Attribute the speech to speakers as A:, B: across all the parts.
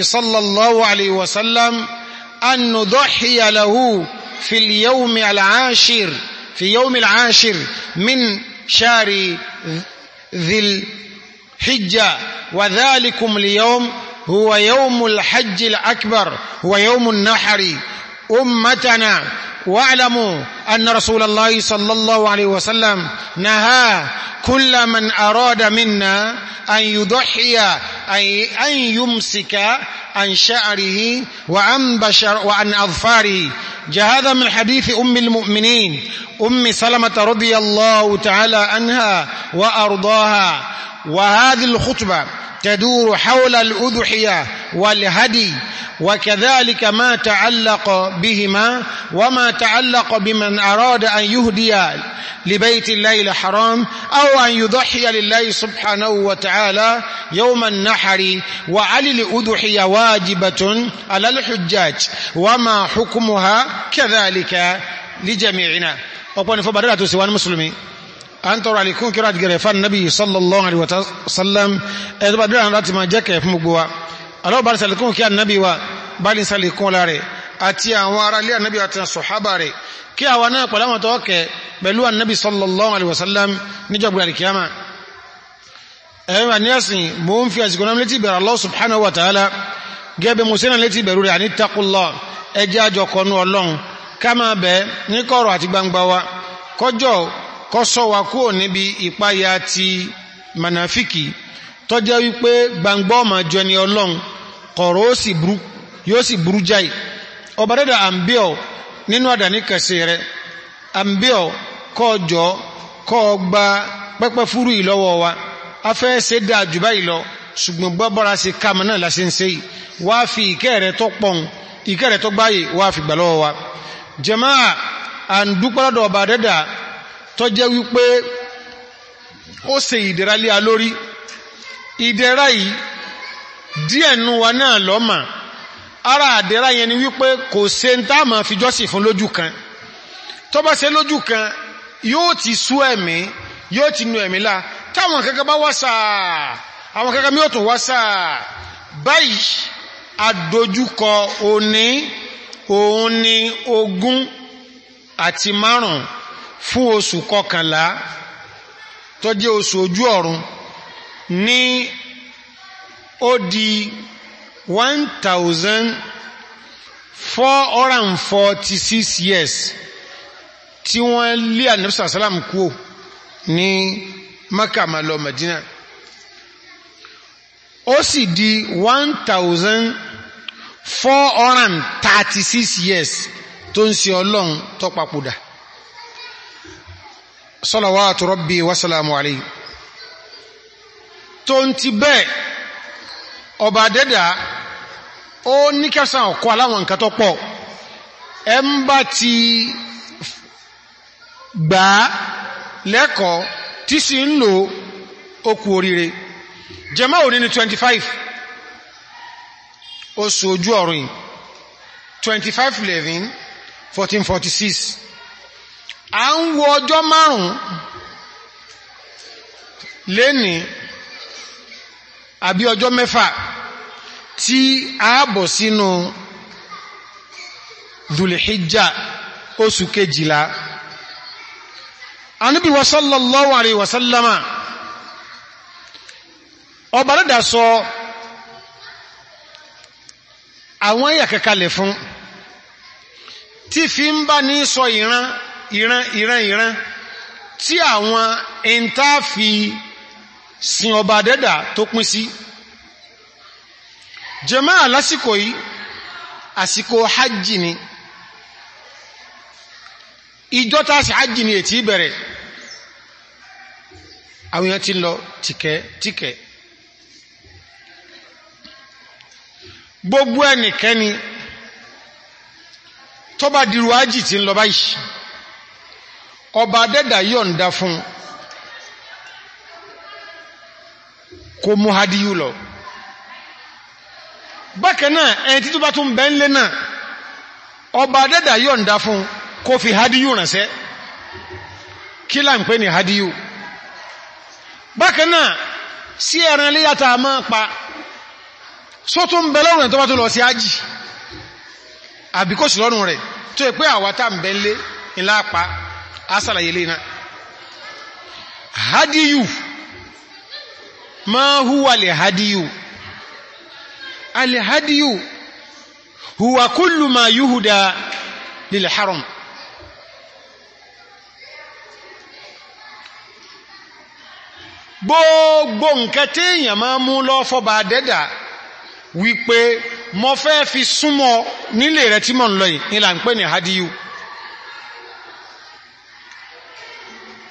A: صلى الله عليه وسلم أن نضحي له في اليوم العاشر في يوم العاشر من شهر ذي الحجة وذلكم اليوم هو يوم الحج الأكبر هو يوم النحر أمتنا واعلموا أن رسول الله صلى الله عليه وسلم نهى كل من أراد منا أن يضحي أي أن يمسك عن شعره وعن, بشر وعن أظفاره جاء هذا من حديث أم المؤمنين أم سلمة رضي الله تعالى عنها وأرضاها وهذه الخطبة تدور حول الأذحية والهدي وكذلك ما تعلق بهما وما تعلق بمن أراد أن يهدي لبيت الله الحرام أو أن يضحي لله سبحانه وتعالى يوم النحر وعلى الأضحية واجبة على الحجاج وما حكمها كذلك لجميعنا وقال فبرأة سوى المسلمين àǹtọ̀rọ̀ àlékún kíra àdìgẹ̀rẹ̀ fún anábì sallallahu alaihi wasallam ẹ̀dọ́ bá dúrà láti máa jẹ́kẹ̀ fún gbogbo wa aláwọ̀ bá ní sàlékún kí anábì wa bá ní sàlékún ọlá rẹ̀ àti àwọn ará ilé anábì àti sọ̀hábà rẹ̀ kí àwa náà pẹ̀lú àwọn tọ́ọ̀kẹ̀ pẹ̀lú anábì sallallahu alaihi wasallam níjọba àríkíyàmà ẹ̀rọ ní ẹ̀sìn mo ń fi àsìkò náà létí ìbẹ̀rẹ̀ Allah subhanahu wa ta'ala gẹ́bẹ̀ mo sínà létí ìbẹ̀rù rẹ̀ àní takùlọ ẹjẹ́ àjọkọ̀nú ọlọ́run ká máa bẹ̀ẹ́ ní kọ̀rọ̀ àti gbangba wa kọjọ́ kọ́sọ́ wa kúrò níbi ìpáyà ti manafiki tó jẹ́ wípé gbangbọ́ ọmọ jọ ni ọlọ́run kọ̀rọ̀ yóò sì burú jáì ọba dẹ́dà àmbíọ̀ nínú àdáni kẹsì rẹ̀ àmbíọ̀ kọjọ́ kọ́ gba pẹ́pẹ́ fúrú ìlọ́wọ́ wa afẹ́ ṣe dáa jù báyìí lọ ṣùgbọ́n gbọ́bọ́ra sí káàmù náà lásí ń ṣe yìí wá fi ìkẹ́ rẹ̀ tó pọ̀n ìkẹ́ rẹ̀ tó gbáyè wá fi gbà lọ́wọ́ wa jẹ́máà àǹdúpọ́lọ́dọ̀ ọba dẹ́dà tó jẹ́ wípé ó ṣe ìdẹ̀ra lé a lórí ìdẹ̀ra yìí díẹ̀ nú wa náà lọ́mà ara àdẹ̀ra yẹn ni wípé kò ṣe ń tá ma fi jọ́sìn fún lójú kan tó bá ṣe lójú kan yóò ti sú ẹ̀mí yóò ti nu ẹ̀mí lá táwọn kankan bá wá àwọn kankan mi ó tún wá báyìí adójúkọ òní òun ni ogún àti márùn-ún fún oṣù kọkànlá tó jẹ́ oṣù ojú ọ̀run ní ó di 1446 years tí wọ́n lé ànìyàn sàlám kúò ní Mẹ́kà máa lọ Mẹ̀dínà ó sì di 1436 years tó ń ṣe ọlọ́run tó salawatu rabbi wa salamu alayhi tó ń ti bẹ́ẹ̀ ọba dẹ́dà ó ní kẹsàn ọ̀kọ́ aláwọn nǹkan tó pọ̀ ẹ ń bá ti gbà á lẹ́kọ̀ọ́ tí sì ń lò okù oríire jẹmọ́ òní ni 25 oṣù ojú ọ̀run 25 11 1446 à ń wo ọjọ́ márùn-ún léni àbí ọjọ́ mẹ́fà tí a bọ̀ sínú dhulhijjá oṣù kejìlá Ànábì wa sallallahu wasallama ọba rẹ̀dà sọ àwọn ẹ̀yà kẹkalẹ̀ fún tí fi ń bá ní sọ ìran ìran ìran ìran tí àwọn ìntáàfi sin ọba dẹ́dà tó pín sí jàmáà lásìkò yìí àsìkò hajji ni ìjọta sí hajji ni ètí bẹ̀rẹ̀ àwọn èèyàn ti lọ tìkẹ́ tìkẹ́ gbogbo ẹnikẹ́ni tó bá dirú hajji ti ń lọ báyìí ọba adẹ́dà yọ̀ǹda fún kò mú hadiyu lọ bákan náà ẹni títú bá tún bẹ́ ńlẹ́ náà ọba adẹ́dà yọ̀ǹda fún kò fi hadiyu ránṣẹ́ kí là ń pè ní hadiyu bákan sí ẹran léyàtà máa pa só tún bẹ lọ́rùn tó bá tún lọ sí ájì àbíkòsí lọ́rùn rẹ̀ tó yẹ pé àwátà ń bẹ ńlẹ́ ńlá pa asàlàyé lẹ́nà hadiyu ma huwa lè hadiyu alhadiyu huwa kullu ma yuhuda lil haram gbogbo nǹkan tí èyàn máa mú lọ fọba dẹ́dà wípé mo fẹ́ fi súnmọ́ nílé rẹ̀ tí mọ̀ ń lọ yìí ni là ń pè ní hadiyu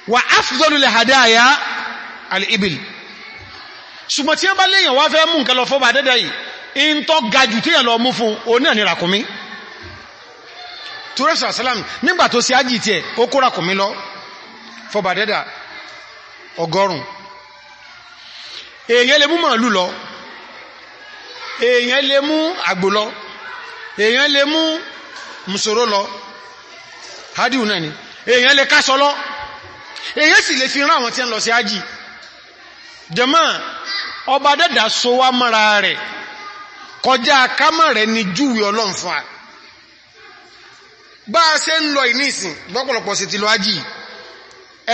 A: wà áfùdọ́lùlẹ̀ àdáyà al'ibil ṣùgbọ́n tí a bá léyàn wá fẹ́ mú nǹkan lọ fọ́bà dẹ́dẹ̀ yìí in tó gajù tí yàn lọ mú fún oní àní ràkúnmí túrẹ́sì àsálàm nígbà tó sí ájì tiẹ̀ ó kó ràkúnmí lọ fọ́bà dẹ́dà ọgọ́rùn èèyàn lè èèyàn lè mú lọ èyí sì lè fi rán àwọn tí ń lọ sí ájì jẹmọ́ ọba dẹ́dà so wá mọ́ra rẹ̀ kọjá kámọ́ rẹ̀ ni júwe ọlọ́run fún wa bá a ṣe ń lọ ìnísìn gbọ́pọ̀lọpọ̀ sí ti lọ ájì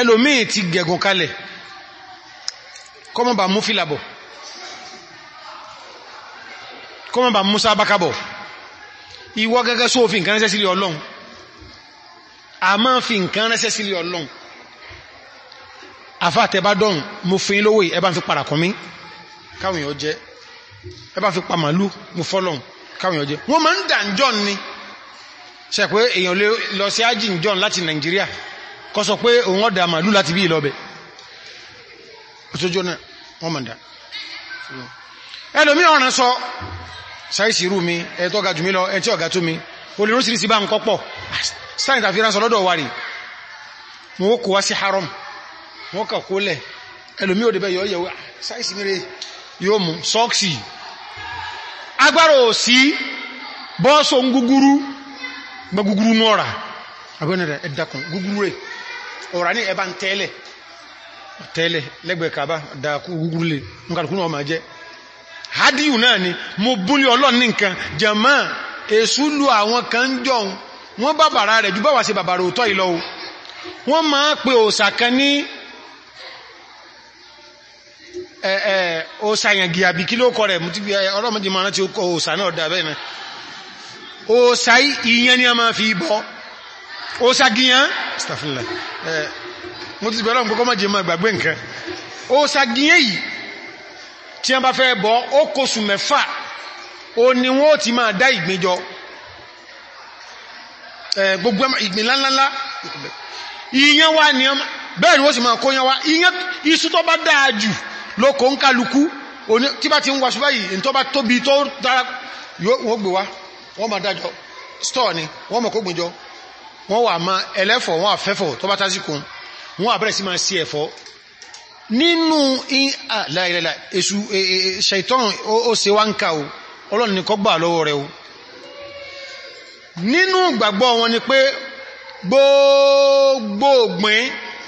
A: ẹlòmíì ti gẹ̀gùn kalẹ̀ kọmọba mú fìlàbọ̀ kọmọba mú sábákàbọ̀ ìwọ gẹ́gẹ́ sófin nǹkan àfá àtẹ́bá dọ̀hùn mo fún yín lówó ẹbá fi padà kún mí káwọn èèyàn jẹ ẹbá fi pa màálù mo fọ́lọ̀hùn káwọn èèyàn wọ́n máa ń dà ń jọ́n ni ṣe pé èèyàn lè lọ sí ájì ń jọ́n láti nàìjíríà kọ́ sọ pé òun ọ̀dà màálù láti bí ìlọ́bẹ̀ òtójó náà mi ẹ̀ tó ga jù mí lọ ẹ̀ tí ọ̀gá tó mi olùrúsìrìsì bá ń kọ́pọ̀ sáìsì àfihàn sọ kò wá sí haram wọ́n kà kó lẹ̀ ẹlòmí ò débẹ̀ yọ yẹ̀wò sáìsì mire yóò mú sọ́ọ̀ksì agbára ò sí bọ́ọ̀sù gúgúrú gbẹ gúgúrú ní ọ̀rà agbẹ́ni rẹ̀ ẹ̀dàkùn gúgúrú rẹ̀ ọ̀rà ní ẹba ń tẹ́lẹ̀ tẹ́lẹ̀ lẹ́gbẹ̀ẹ́ kàbá dàkú gúgúrú lè nkàlùkún ọmọ jẹ́ hadiyu náà ni mo búlé ọlọ́ni nǹkan jẹ̀mọ́ èsù lu àwọn kan òòsà yàngì àbí kí ló kọ rẹ̀ mú ti bí ọlọ́mọdé máa rántí ó òòsà náà dà bẹ́ẹ̀ náà òòsà ìyẹn ni a máa fi bọ́ òòsà gíyàn stafilẹ̀ mú ti bí ọlọ́mọdé máa jẹ máa gbàgbé nǹkan òòsà gíyàn yìí tí a bá fẹ́ bọ́ ó kóṣù mẹ́fà ó ní wọ́n dá ìgbìnjọ gbogbo ìgbìn lánlánlá ìyẹn wá ní ọmọ bẹ́ẹ̀ ni wọ́n sì máa kó yẹn wá ìyẹn iṣu tó bá dáa jù lókò ń kálukú tí bá ti ń wáṣọ báyìí ní tó bá tóbi tó dára yóò gbé wá wọ́n máa dájọ́ stọ́ọ̀ ni wọ́n mọ̀ kó gbìnjọ wọ́n wà máa ẹlẹ́fọ̀ wọ́n àfẹ́fọ̀ tó bá tásìkún wọ́n àbẹ̀rẹ̀ sí máa gbogbo ògbìn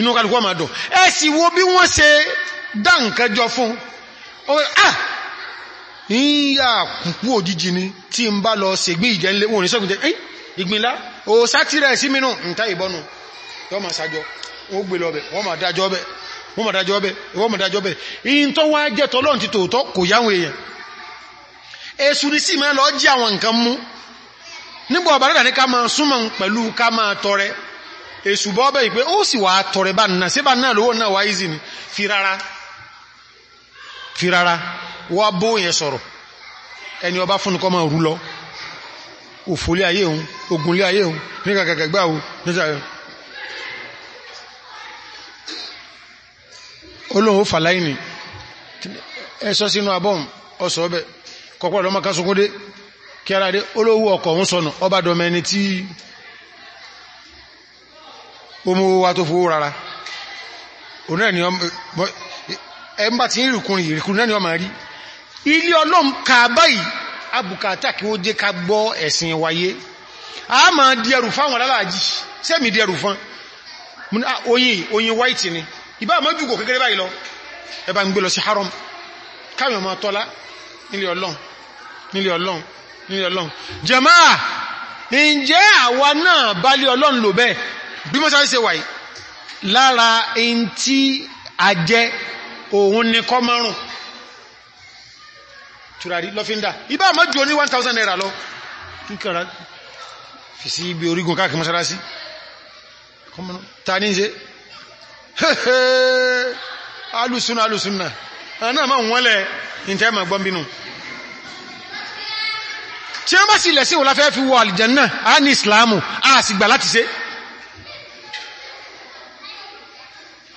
A: inú kàlùkù ọmọ àdùn ẹ sì wo bí wọ́n ṣe dá nǹkan jọ fún ah ìyà kùkú òjijì ni tí n bá lọ ṣègbé ìjẹ́ ńlẹ̀ wọ́n ní sọ́kùn jẹ́ ìgbìnlá o sátírẹ̀ sí mínú ǹta ìbọnù yọ́ ma sájọ́ wọ́n gbé lọ bẹ̀ wọ́n ma dájọ́ bẹ̀ wọ́n ma dájọ́ bẹ̀ wọ́n ma dájọ́ bẹ̀ in tó wá èṣù bọ́ọ̀bẹ̀ ìpé ó sì wà tọrẹ bá nà sí bá náà lówó náà wá ìzì ni fi rárá fi rárá wá bó yẹn sọ̀rọ̀ ẹni ọba fún nìkan máa rú lọ òfòlé ayé òun ogunlé ayé òun ní kàkàgbà òun olóhùn òun sọnù ọba dọmẹni ọmọ wa tó fowó rárá òun náà ni ọmọ ẹmbà tí ìrìkùnrin ìrìkùnrin náà ni ọmọ rí ilé ọlọ́m ka báyìí abùkátà kí ó jẹ́ ká gbọ́ ẹ̀sìn wáyé a máa di ẹrù fáwọn aláàjì sẹ́mi di ẹrù fán ah, oyin oyin white ni ìbá àmọ́ jùgò kékeré báyìí lọ ẹba ń gbé lọ sí haram káwọn ọmọ tọ́lá nílé ọlọ́n nílé ọlọ́n nílé ọlọ́n jàmáà ǹjẹ́ àwa náà bá lé ọlọ́n lò bẹ́ẹ̀ bí mọ́sálásí ṣe wáyé lára in tí a jẹ́ òun ní kọ́ márùn tùràrí lọ́fíndà ibá àmọ́ jù ó ní 1000 naira lọ kíkàrà fi sí ibi orígun káàkiri mọ́sálásí ta ní ṣe alùsùnà alùsùnà náà máa wọ́n lẹ̀ ìntẹ́ ma gbọ́n bínú tí wọ́n bá sì lẹ̀ sí wọ́n láfẹ́ fi wọ àlìjẹ̀ náà a ní ìsìláàmù a sì gbà láti ṣe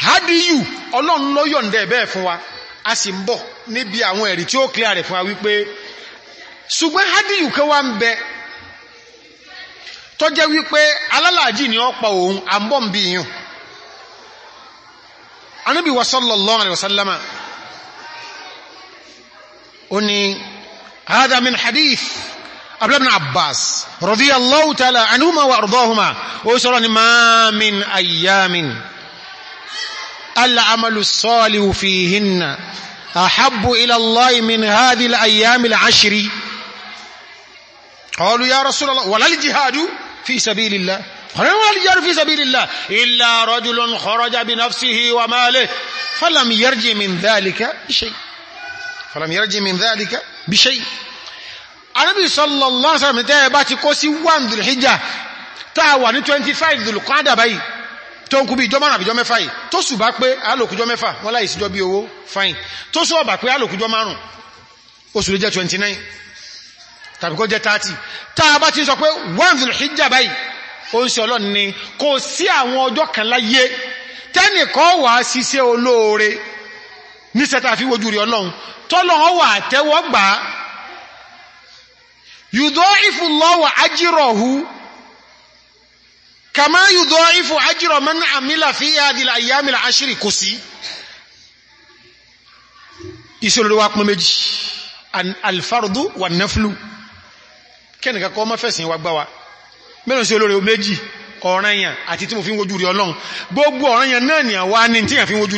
A: hadiyu ọlọ́run ló yọ̀ǹdẹ̀ bẹ́ẹ̀ fún wa a sì ń bọ̀ níbi àwọn ẹ̀rí tí ó kílẹ̀ rẹ̀ fún wa wípé ṣùgbọ́n hadiyu kẹ́ wá ń bẹ tó jẹ́ wípé alálàájì ni ó pa òun à ń bọ̀ ń bí yàn anábì wa sallallahu alaihi wasallama ó ní abbas radiyallahu ta'ala anhuma wa ardahuma ó sọ̀rọ̀ ni ma min ayyamin العمل الصالح فيهن أحب إلى الله من هذه الأيام العشر قالوا يا رسول الله ولا الجهاد في سبيل الله قالوا ولا الجهاد في سبيل الله إلا رجل خرج بنفسه وماله فلم يرجع من ذلك بشيء فلم يرجع من ذلك بشيء النبي صلى الله عليه وسلم تابعت قوسي وان ذو الحجة 1 25 ذو القعدة بي tó ń kú bí ìjọ márùn àbíjọ mẹ́fà yìí tó sù bá pé alòkújọ mẹ́fà wọ́n láì síjọ bí owó fine tó sọ ọ̀bà pé alòkújọ márùn oṣù lè jẹ́ 29 tàbí kó jẹ́ 30 tá a bá ti sọ pé one zero hijab báyìí ó ń ṣe ọlọ́run ni kò sí àwọn ọjọ́ kan láyé tẹ́nìkan wà á ṣiṣẹ́ olóore ní sẹ́ta fi kàmá yùdọ́ ìfò ajírọ̀ mẹ́n àmìlà fi àdìlà àyàmìlà aṣírí kò sí ìṣòro wa pín méjì alfardu wà náflù kẹ́nìkà kọ́ mọ́ fẹ̀sìn wa gbáwa mẹ́rin sí olóre méjì ọ̀ranyàn àti tí mo fi ń wojú rí ọlọ́run gbogbo ọ̀ranyàn náà ni àwa ní fi ń wojú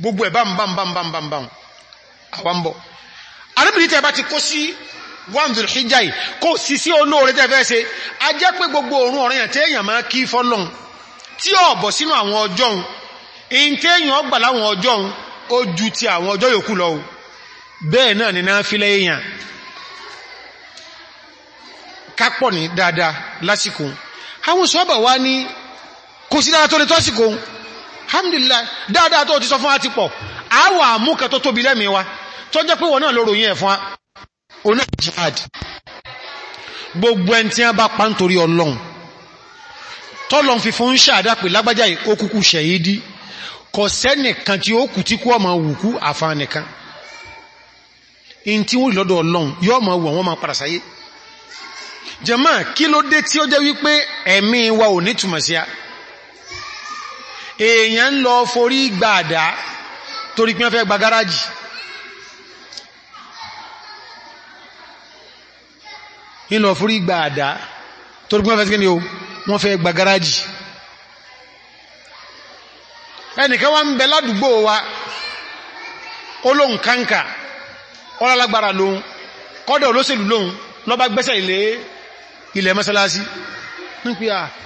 A: gbogbo ẹ̀ bam bam arábìnrin tẹ́ bá ti kó sí wàmdùl hijjai kó sí sí olóore tẹ́ fẹ́ ṣe a jẹ́ pé gbogbo òórùn ọ̀rẹ́ yàn téèyàn máa kí fọ́lọ́n tí ó bọ̀ sínú àwọn ọjọ́un in téèyàn gbà láwọn ọjọ́un ó ju ti àwọn ọjọ́ yòókù lọ bẹ́ẹ̀ náà ni alhamdulillah dáadáa tó ti sọ fún àti pọ̀ a wà mú kẹ tó tóbi lẹ́mí wa tó jẹ́ pé wọ́n náà lórò yín ẹ̀fún oná jihad gbogbo ẹn tí a bá pa nítorí ọlọ́run tọ́lọ́n fi fún ṣàdá pé lágbájá òkúkú ṣẹ̀yídí kò sẹ́nìkan tí ó kù tí kú ọmọ wùkú àfánìkan in tí wọ́n lọ́dọ̀ ọlọ́run yóò mọ̀ wọ́n máa padà sáyé jẹ́mọ́ kí ló dé tí ó jẹ́ wípé ẹ̀mí wa ò ní túmọ̀ sí a èèyàn ń lọ forí gbàdá torí pé wọ́n fẹ́ gba gáràjì ń lọ forí gbàdá torí pé wọ́n sí kíni wọ́n fẹ́ gba gáràjì ẹnìkan wá ń bẹ ládùúgbò wa olóhùn kánkà ọlálágbára lóhun kọ́dọ̀ olóṣèlú lóhun lọ́bá gbẹ́sẹ̀ ilé ilẹ̀ mọ́sálásí ní pé à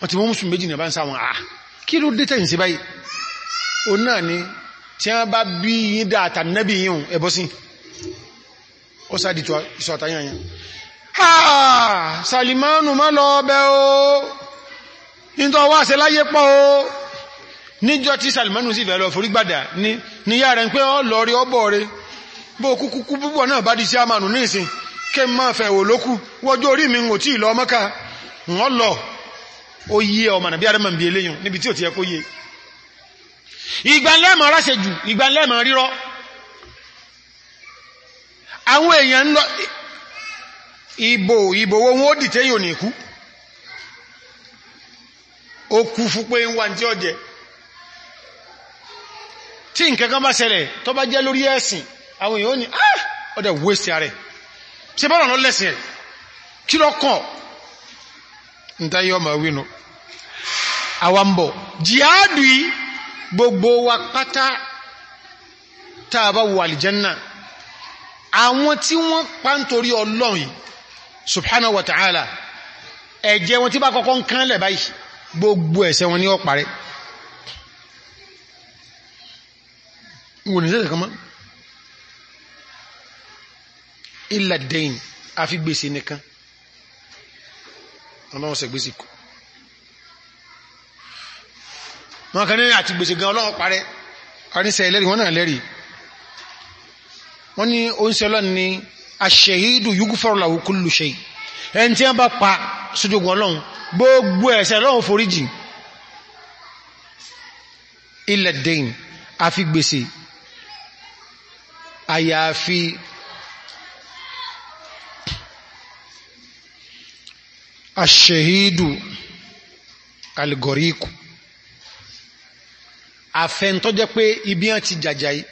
A: wọ́n ti mú mùsùn méjì ní ọba ń sáwọn àà ah, kí ló dé tẹ́yìn sí báyìí o náà ni tí wọ́n bá bí yí dáadáa nẹ́bí yíò ẹbọ́ sí ó sáàdì tó ìṣọ́ yẹn àà ah, Salimanu má lọ ọbẹ̀ o nítọ́ wá ṣe láyé pọ̀ o Salimanu sì fẹ́ lọ forí gbàdà ní yá rẹ̀ ń pé ọ lọ rí ọbọ̀ rẹ̀ bó kúkú púpọ̀ náà bá di sí lọ ó yí ọmọ nàbí àdámà bí eléyìn níbi tí ò ti yẹ kó yé ráṣẹ jù ìgbàlẹ́mọ̀ rírọ́ àwọn èèyàn lọ ìbò ìbò wọn ó dìtẹ́ yóò nìkú ó kú fún pé ń wà tí ó jẹ tí nǹkankan bá ṣẹlẹ̀ tó bá jẹ́ lórí ẹ̀sìn àwọn èèyàn ni ah ọdẹ wéṣẹ̀ rẹ̀ àwambọ̀ jihadu yìí gbogbo wa pátá tàbá wà aljanna àwọn tí wọ́n pa ń torí subhanahu wa ta'ala ẹ̀jẹ̀ wọn tí bá kọ́kọ́ ń kán lẹ̀ báyìí gbogbo ẹ̀ṣẹ̀ wọn ní ó parẹ́ wọ́n ni sẹ́sẹ̀ illa dain àfi gbèsè nìkan ọlọ́run sẹ gbèsè kù wọn kan ní àti gbèsè gan ọlọ́run parẹ́ àríṣẹ́ ẹlẹ́rìí wọn náà lẹ́rìí wọ́n ní oúnṣẹ́ ọlọ́run ní aṣèhídù yugufaru lahu kullu shay ẹni tí wọ́n bá pa sójúgun ọlọ́run gbogbo ẹ̀ṣẹ̀ ọlọ́run foríjì illa dain àfi gbèsè àyàfi aṣèhídù algoriku àfẹ́ntọ́ jẹ́ pé ibi hàn ti jàjàyí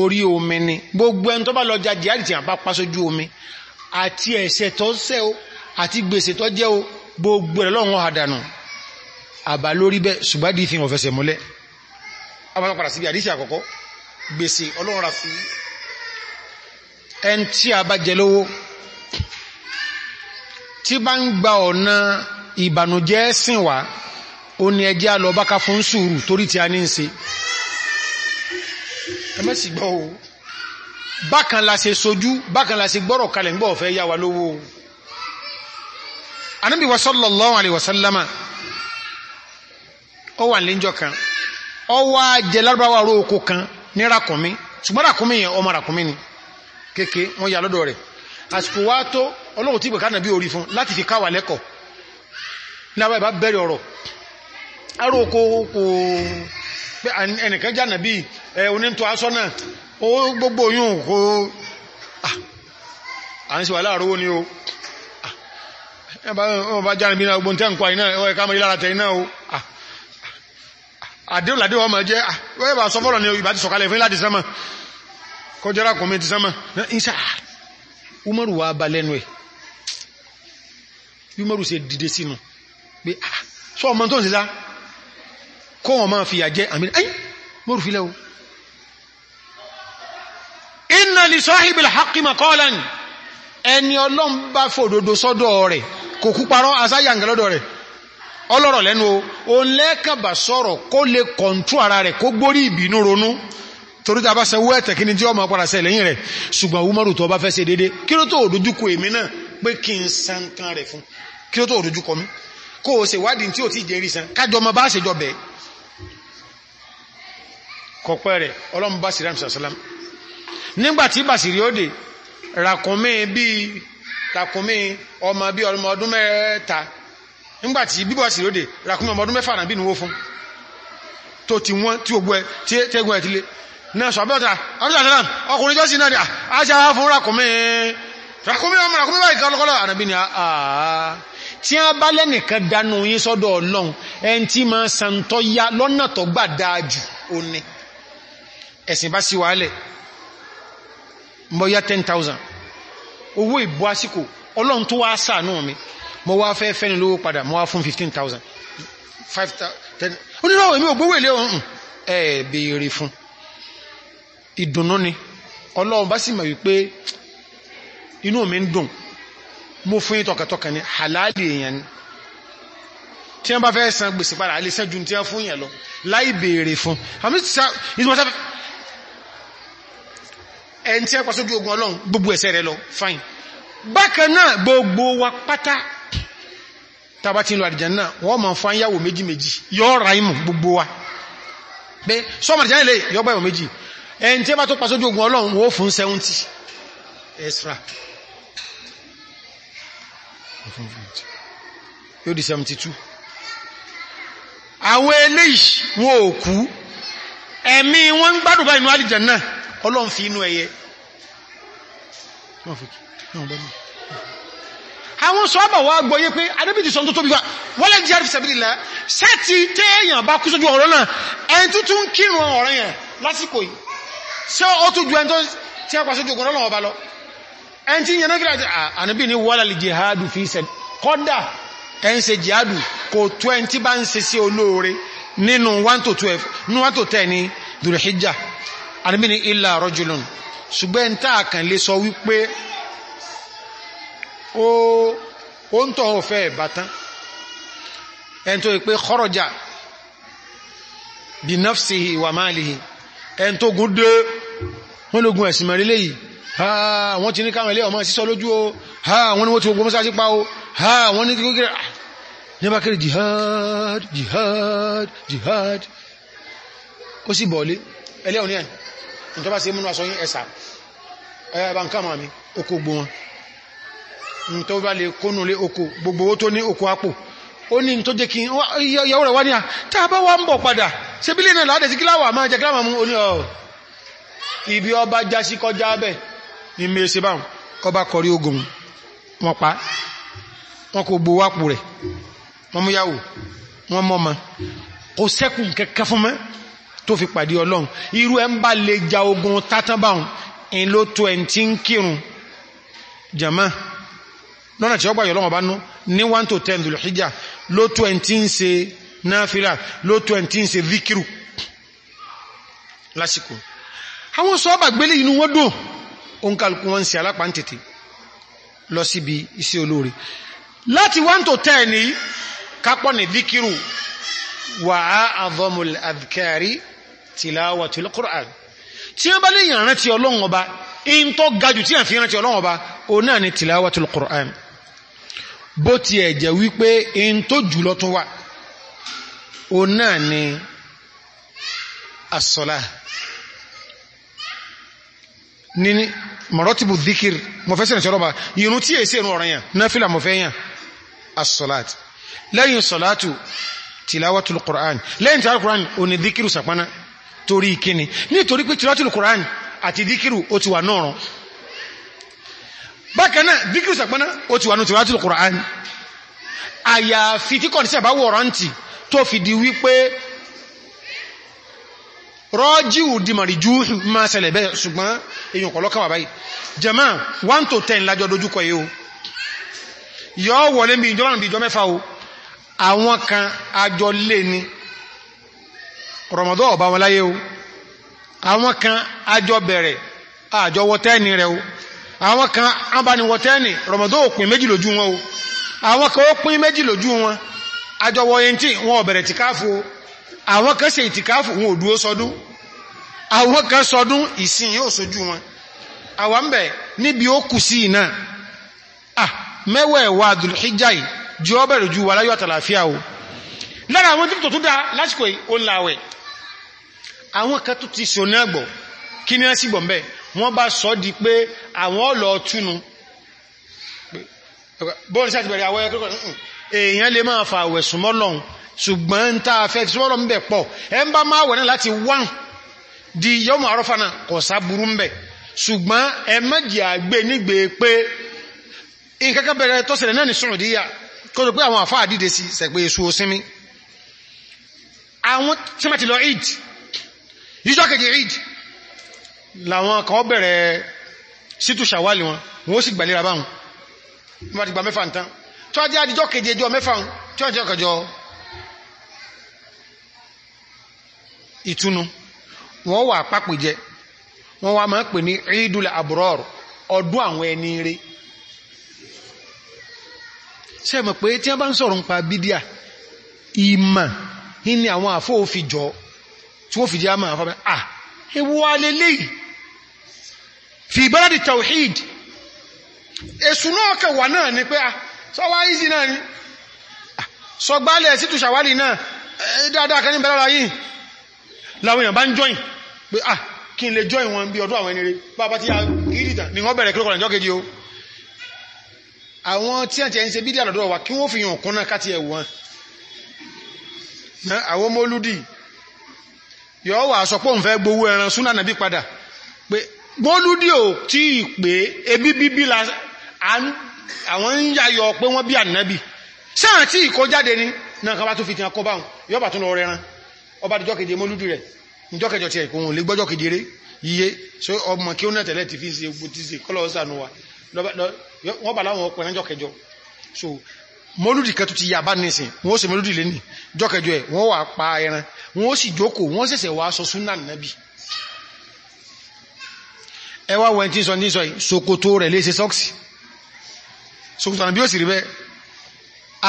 A: orí omi ni gbogbo ẹni tó bá lọ jàjì àti àbá pásójú omi àti ẹ̀ṣẹ̀ tó ṣẹ̀ o àti gbèsè tó jẹ́ o gbogbo ẹ̀ lọ́wọ́ àdànù àbá lórí bẹ́ ṣùgbádìí fi hàn fẹsẹ̀ múlẹ̀ ìbànújẹ́ sìn wá ó ní ẹjẹ́ àlọ́báka fún sùúrù torí tí a ní ń ṣe ẹmẹ́sì gbọ́ o bákan la ṣe sojú bákan la ṣe gbọ́rọ̀ kalẹ̀ gbọ́ ọ̀fẹ́ yà wà lówó anábì wa sallallahu alaihi wasallama ó wà níjọ kan ó wá jẹ lárúbáwá ró oko kan ní rakùnmí ṣùgbọ́n rakùnmí yẹn ọmọ rakùnmí ni kéèké wọ́n yà lọ́dọ̀ rẹ̀ àsìkò wá tó ọlọ́run tí ìgbẹ̀ká nàbí orí fún láti fi káwà lẹ́kọ̀ọ́ ní abẹ́ bá bẹ̀rẹ̀ ọ̀rọ̀ aróko kò pé ẹnìkan jà nàbí ẹ onítọ̀ aṣọ náà ó gbogbo yún kò ah, à ń ṣe wà láàrówó ni o ọmọ ah, bá jáde bí náà gbogbo tẹ́ǹkọ́ iná ẹ̀ká mọ̀ ìlara tẹ̀ iná o ah, àdéhùn làdéhùn ọmọ jẹ́ wẹ́ẹ̀ bá sọ fọ́lọ̀ ni ìbá ti sọ̀kalẹ̀ fún láti sánmà kọjára kùnmí ti sánmà ìṣà umaru wa bá lẹ́nu ẹ̀ umaru ṣe dìde sínú pé sọ ọmọ tó ń ṣe sá kó wọn máa fìyà jẹ àmì ẹ̀yìn mọ́rù fílẹ̀ o inna li sahibil haqqi maqalan ẹni ọlọ́n bá fòdòdó sọ́dọ̀ rẹ̀ kò kú parọ́ asáyàǹgà lọ́dọ̀ rẹ̀ ọlọ́rọ̀ lẹ́nu o o lẹ́kàbà sọ̀rọ̀ kó lè kọ̀ntú ara rẹ̀ kó gbórí ìbínú ronú torí ta bá ṣe wọ́ ẹ̀tẹ̀ kí ni tí ọmọ padà sẹ lẹ́yìn rẹ̀ ṣùgbọ́n umaru tó bá fẹ́ ṣe dédé kí ló tó òdójúkọ èmi náà pé kí n san rẹ̀ fún kí ló tó òdójúkọ mi kó o ṣèwádìí tí ò ti jẹ́ rí san kájọ ọmọ bá ṣèjọ bẹ̀ẹ́ kọ̀pẹ́ rẹ̀ ọlọ́run bá sí rámsà sálám nígbàtí bá sí rí ó dé ràkùnmí bí ràkùnmí ọmọ bí ọmọ ọdún mẹ́ta nígbàtí bíbọ̀ sí rí ó dé ràkùnmí ọmọ ọdún mẹ́fà náà bí nuwó fún tó ti wọ́n tí ogbó ẹ tí tẹ́gbọ́n ẹ tilé náà sọ abẹ́ọ̀tà abẹ́ọ̀tà sálám ọkùnrin jọ́sìn náà ni àṣà fún ràkùnmí a bá lẹ́nìkan dánú yín sọ́dọ̀ ọlọ́run ẹni tí máa sàntọ́ ya lọ́nà tó gbà dáa jù ó ní ẹ̀sìn bá sí wàálẹ̀ mọ́yá 10,000 owó ìbú àsìkò ọlọ́run tó wá sàánú mi mo wá fẹ́ fẹ́ni lówó padà mo wá fún 15,000 5,000 onírọ̀wọ̀ èmi ògbówó ilé ohun ẹ̀ bèèrè fún ìdùnnú ni ọlọ́run bá sì mọ̀ wípé inú mi ń dùn mo fún yín tọkàntọkàn ni halali èèyàn ni tí wọ́n bá fẹ́ san gbèsè padà alẹ́sẹ́jú tí wọ́n fún yẹn lọ láì bèèrè fún àmì ìsìnkú ẹn tí a pa sójú ogun ọlọ́run gbogbo ẹ̀ṣẹ̀ rẹ̀ lọ fine bákan náà gbogbo wa pátá tàbá ti lọ àdìjàn náà wọ́n ma fún ayáwò méjì méjì yọ́ ra imù gbogbo wa pé sọ́mọ̀ àdìjàn ilé yọ́ bá ìwò méjì ẹn tí a bá tó pa sójú ogun ọlọ́run wó fún di 72 àwọn eléyìí wọn ò kú ẹ̀mí wọn ń gbádùn bá inú àdìjàn náà ọlọ́run fi inú ẹyẹ àwọn sọ́bọ̀ wá gbọ́yé pé adébì ti sọ tó tóbi wá wọ́lẹ̀ jí àrífẹ́ sẹ́bìlìlá sẹ́ẹ̀tì téèyàn bá kú sójú ọ̀rọ̀ náà ẹni tó tún kírun ọ̀rọ̀ yẹn lásìkò yìí ṣé ó tó ju ẹni tó tí a pàṣẹ jogun lọ́lọ́wọ́ bá lọ ẹni tí yẹn náà ànábì ní wọ́lẹ̀ lè jihadu fi sẹ́ kọ́dà ẹ̀ ń ṣe jihadu kò tó ẹni tí bá ń ṣe sí olóore nínú 1 to 12 nínú 1 to 10 ṣùgbọ́n ẹni tá a kàn lè sọ wípé ó ó ń tọ́ ọ̀fẹ́ ìbátan ẹni tó yẹ pé kọ́rọ̀jà bí nafsihi wa malihi ẹni tó gún dé wọ́n lógun ẹ̀sìn mẹ́rin léyìí ha wọ́n ti ní káwọn ọmọ sísọ lójú o ha wọ́n ni wọ́n ti ha wọ́n ní kíkókèrè ah, jihad jihad jihad ó sì bọ̀ọ́lé ẹlẹ́ ìjọba sí múnú aṣọ yí ẹ̀sà ẹ̀yàbá nǹkan màmí oko gbò wọn tó bá lè kónú lé oko gbogbo owó tó ní oko àpò ó ní tó jẹ́ kí ìyàwó rẹ̀ wá ní à tá a bá wá ń bọ̀ padà ṣe bílẹ̀ náà láàdẹ̀ sí kíláwà máa jẹ kíláwà ma kò sẹ́kùn kẹ́kẹ́ fún mẹ́ tó fi pàdé ọlọ́run irú ẹ ń bá lè ja ogun tátánbáhùn in ló tó ẹ̀ tí ń kírun jama lọ́nà tí ó gbà yọ̀lọ́wọ̀ bá nú ní 1 to 10 Dhul-Hijjah ló tó ẹ̀ tí ń ṣe náfílà ló tó ẹ̀ tí ń ṣe vikiru lásìkò àwọn sọ́ọ́bà gbélé inú wọ́n dùn òun kálukú wọn ṣe alápá tètè lọ síbi iṣẹ́ olóore láti 1 to 10 ní kápọ̀ ní vikiru wà á àdọ́mùl tilawatul Qur'an tí wọ́n bá lè yàn rántí ọlọ́run ọba in tó gajù tí wọ́n fi rántí ọlọ́run ọba o náà ni tilawatul Qur'an bó ti ẹ̀jẹ̀ wípé in tó jùlọ tó wà o náà ni asọ́lá ní mọ̀rọ́tìbù dhikir mọ̀fẹ́sẹ̀ ìrìnṣẹ́ ọlọ́ba irun tí èsì ìrun ọ̀ranyàn náfílà mọ̀fẹ́ yàn asọ́lát lẹ́yìn sọ́látù tilawatul Qur'an lẹ́yìn tí al-Qur'an o ni dhikiru sàpáná torí kíni nítorí pé tìlọ́tìlù kùránì àti díkìrù ó ti wà náà rán bákanáà díkìrù sàpáná ó ti wà ní tìlọ́tìlù kùránì àyàfi tí kọ̀ ní sàbá wọ̀rántì tó fi di wípé rọ́jíù di màrìjú máa ṣẹlẹ̀ bẹ́ẹ̀ ṣùgbọ́n èyàn kọ̀lọ́kà to 10 lájọ dojúkọ yìí o yọ́ wọlé bí ìjọba nìbí ìjọ mẹ́fà o àwọn kan àjọ lé ni rọmọdọ́ ọ̀bá wọn láyé o àwọn kan àjọ bẹ̀rẹ̀ àjọ wọtẹ́ẹ̀nì rẹ o àwọn kan abániwọtẹ́ẹ̀nì rọmọdọ́ òpin méjì lójú wọn o àwọn kan ó pín méjì lójú wọn àjọ wọ yẹn tí wọn ò bẹ̀rẹ̀ ah mẹ́wẹ̀ẹ̀wà àdùlùhíjáì jí ọ bẹ̀rẹ̀ ju wà láyọ̀ àtàlàfíà o lára àwọn tí tó tún dá lásìkò yìí àwọn kan tó ti sọ náà gbọ̀ kí ní ẹ́sì gbọ̀ mẹ́ wọ́n bá sọ di pé àwọn ọlọ̀ túnu bóòrùn sáti bẹ̀rẹ̀ àwọ́ ẹ̀kọ́kọ́ mm, èèyàn lè máa fa àwẹ̀ súnmọ́lọ́un ṣùgbọ́n ń ta afẹ́ súnmọ́lọ́ ń bẹ̀ pọ̀ ẹ ń bá máa wẹ̀ náà láti wán di yọ́mù àrọ́fánà kò sá burú ń àwọn tí wọ́n ti lọ ìdí ìjọ́ kejì Eid làwọn kan bẹ̀rẹ̀ sítù ṣàwálì wọn wọ́n sì gbàlera báhùn wọ́n ti gba mẹ́fà ń tán tó ajá àdíjọ́ keje ẹjọ́ mẹ́fà ń tí wọ́n jẹ́ ọkọ̀jọ́ ìtúnu wọ́n wà pápò jẹ wọ́n wà máa pè ní Eidul Abrar ọdún àwọn ẹni ire ṣe mọ̀ pé tí wọ́n bá ń sọ̀rọ̀ ń pa bídíà ìmọ̀ ní àwọn àfóòfin tí wọ́n fìdí àmà àfọ́bẹ̀ ah ewu alẹ́lẹ́ fi di tawhid èsù náà kẹwà náà ni pé ah sọ́wá ìzì náà ni sọgbálẹ̀ sí tùṣàwálì náà dáadáa kan ní bẹ̀rẹ̀ yìí láwọn ah kí n lè jọyìn wọn bí ọdún àwọn ẹni rẹ̀ ni wọ́n bẹ̀rẹ̀ kílọ̀kọ̀lẹ̀ jọ́ kejì o àwọn tí àti ẹ̀yìn ṣe bídí àlọ́dọ̀ wa kí wọ́n fi yọ́ wà sọ pé òun fẹ́ gbowó ẹran súnà nàbí padà pé mọ́lúdì ò tí ì pé ebi bíbí la àwọn ń yàyọ pé wọ́n bí ànábì sáà tí ìkọjáde ni náà kan bá tó fi ti akọ báhùn yọ́ bà tún lọ rẹran ọba àdìjọ́ keje mọ́lúdì rẹ̀ níjọ́ kẹjọ ti ẹ̀kọ́ òun lè gbọ́jọ́ keje rẹ̀ iye so ọmọ kí ó náà tẹ̀lé ti fi ṣe gbòtí ṣe kọ́lọ́ sànù wa wọ́n bà láwọn ọkùnrin níjọ́ so mọ́lúdì kan tó ti yàbá nìsìn wọ́n sì mọ́lúdì lẹ́nì jọ́kẹjọ́ ẹ̀ wọ́n wà pa ẹran wọ́n sì jókòó wọ́n sẹ̀sẹ̀ wà sọ súnà nàbì ẹ wá wọ́n tí sọ ní sọ ṣòkòtò rẹ̀ léṣe sọ́ọ̀sì ṣòkòtò àná bí ó sì rí bẹ́ẹ̀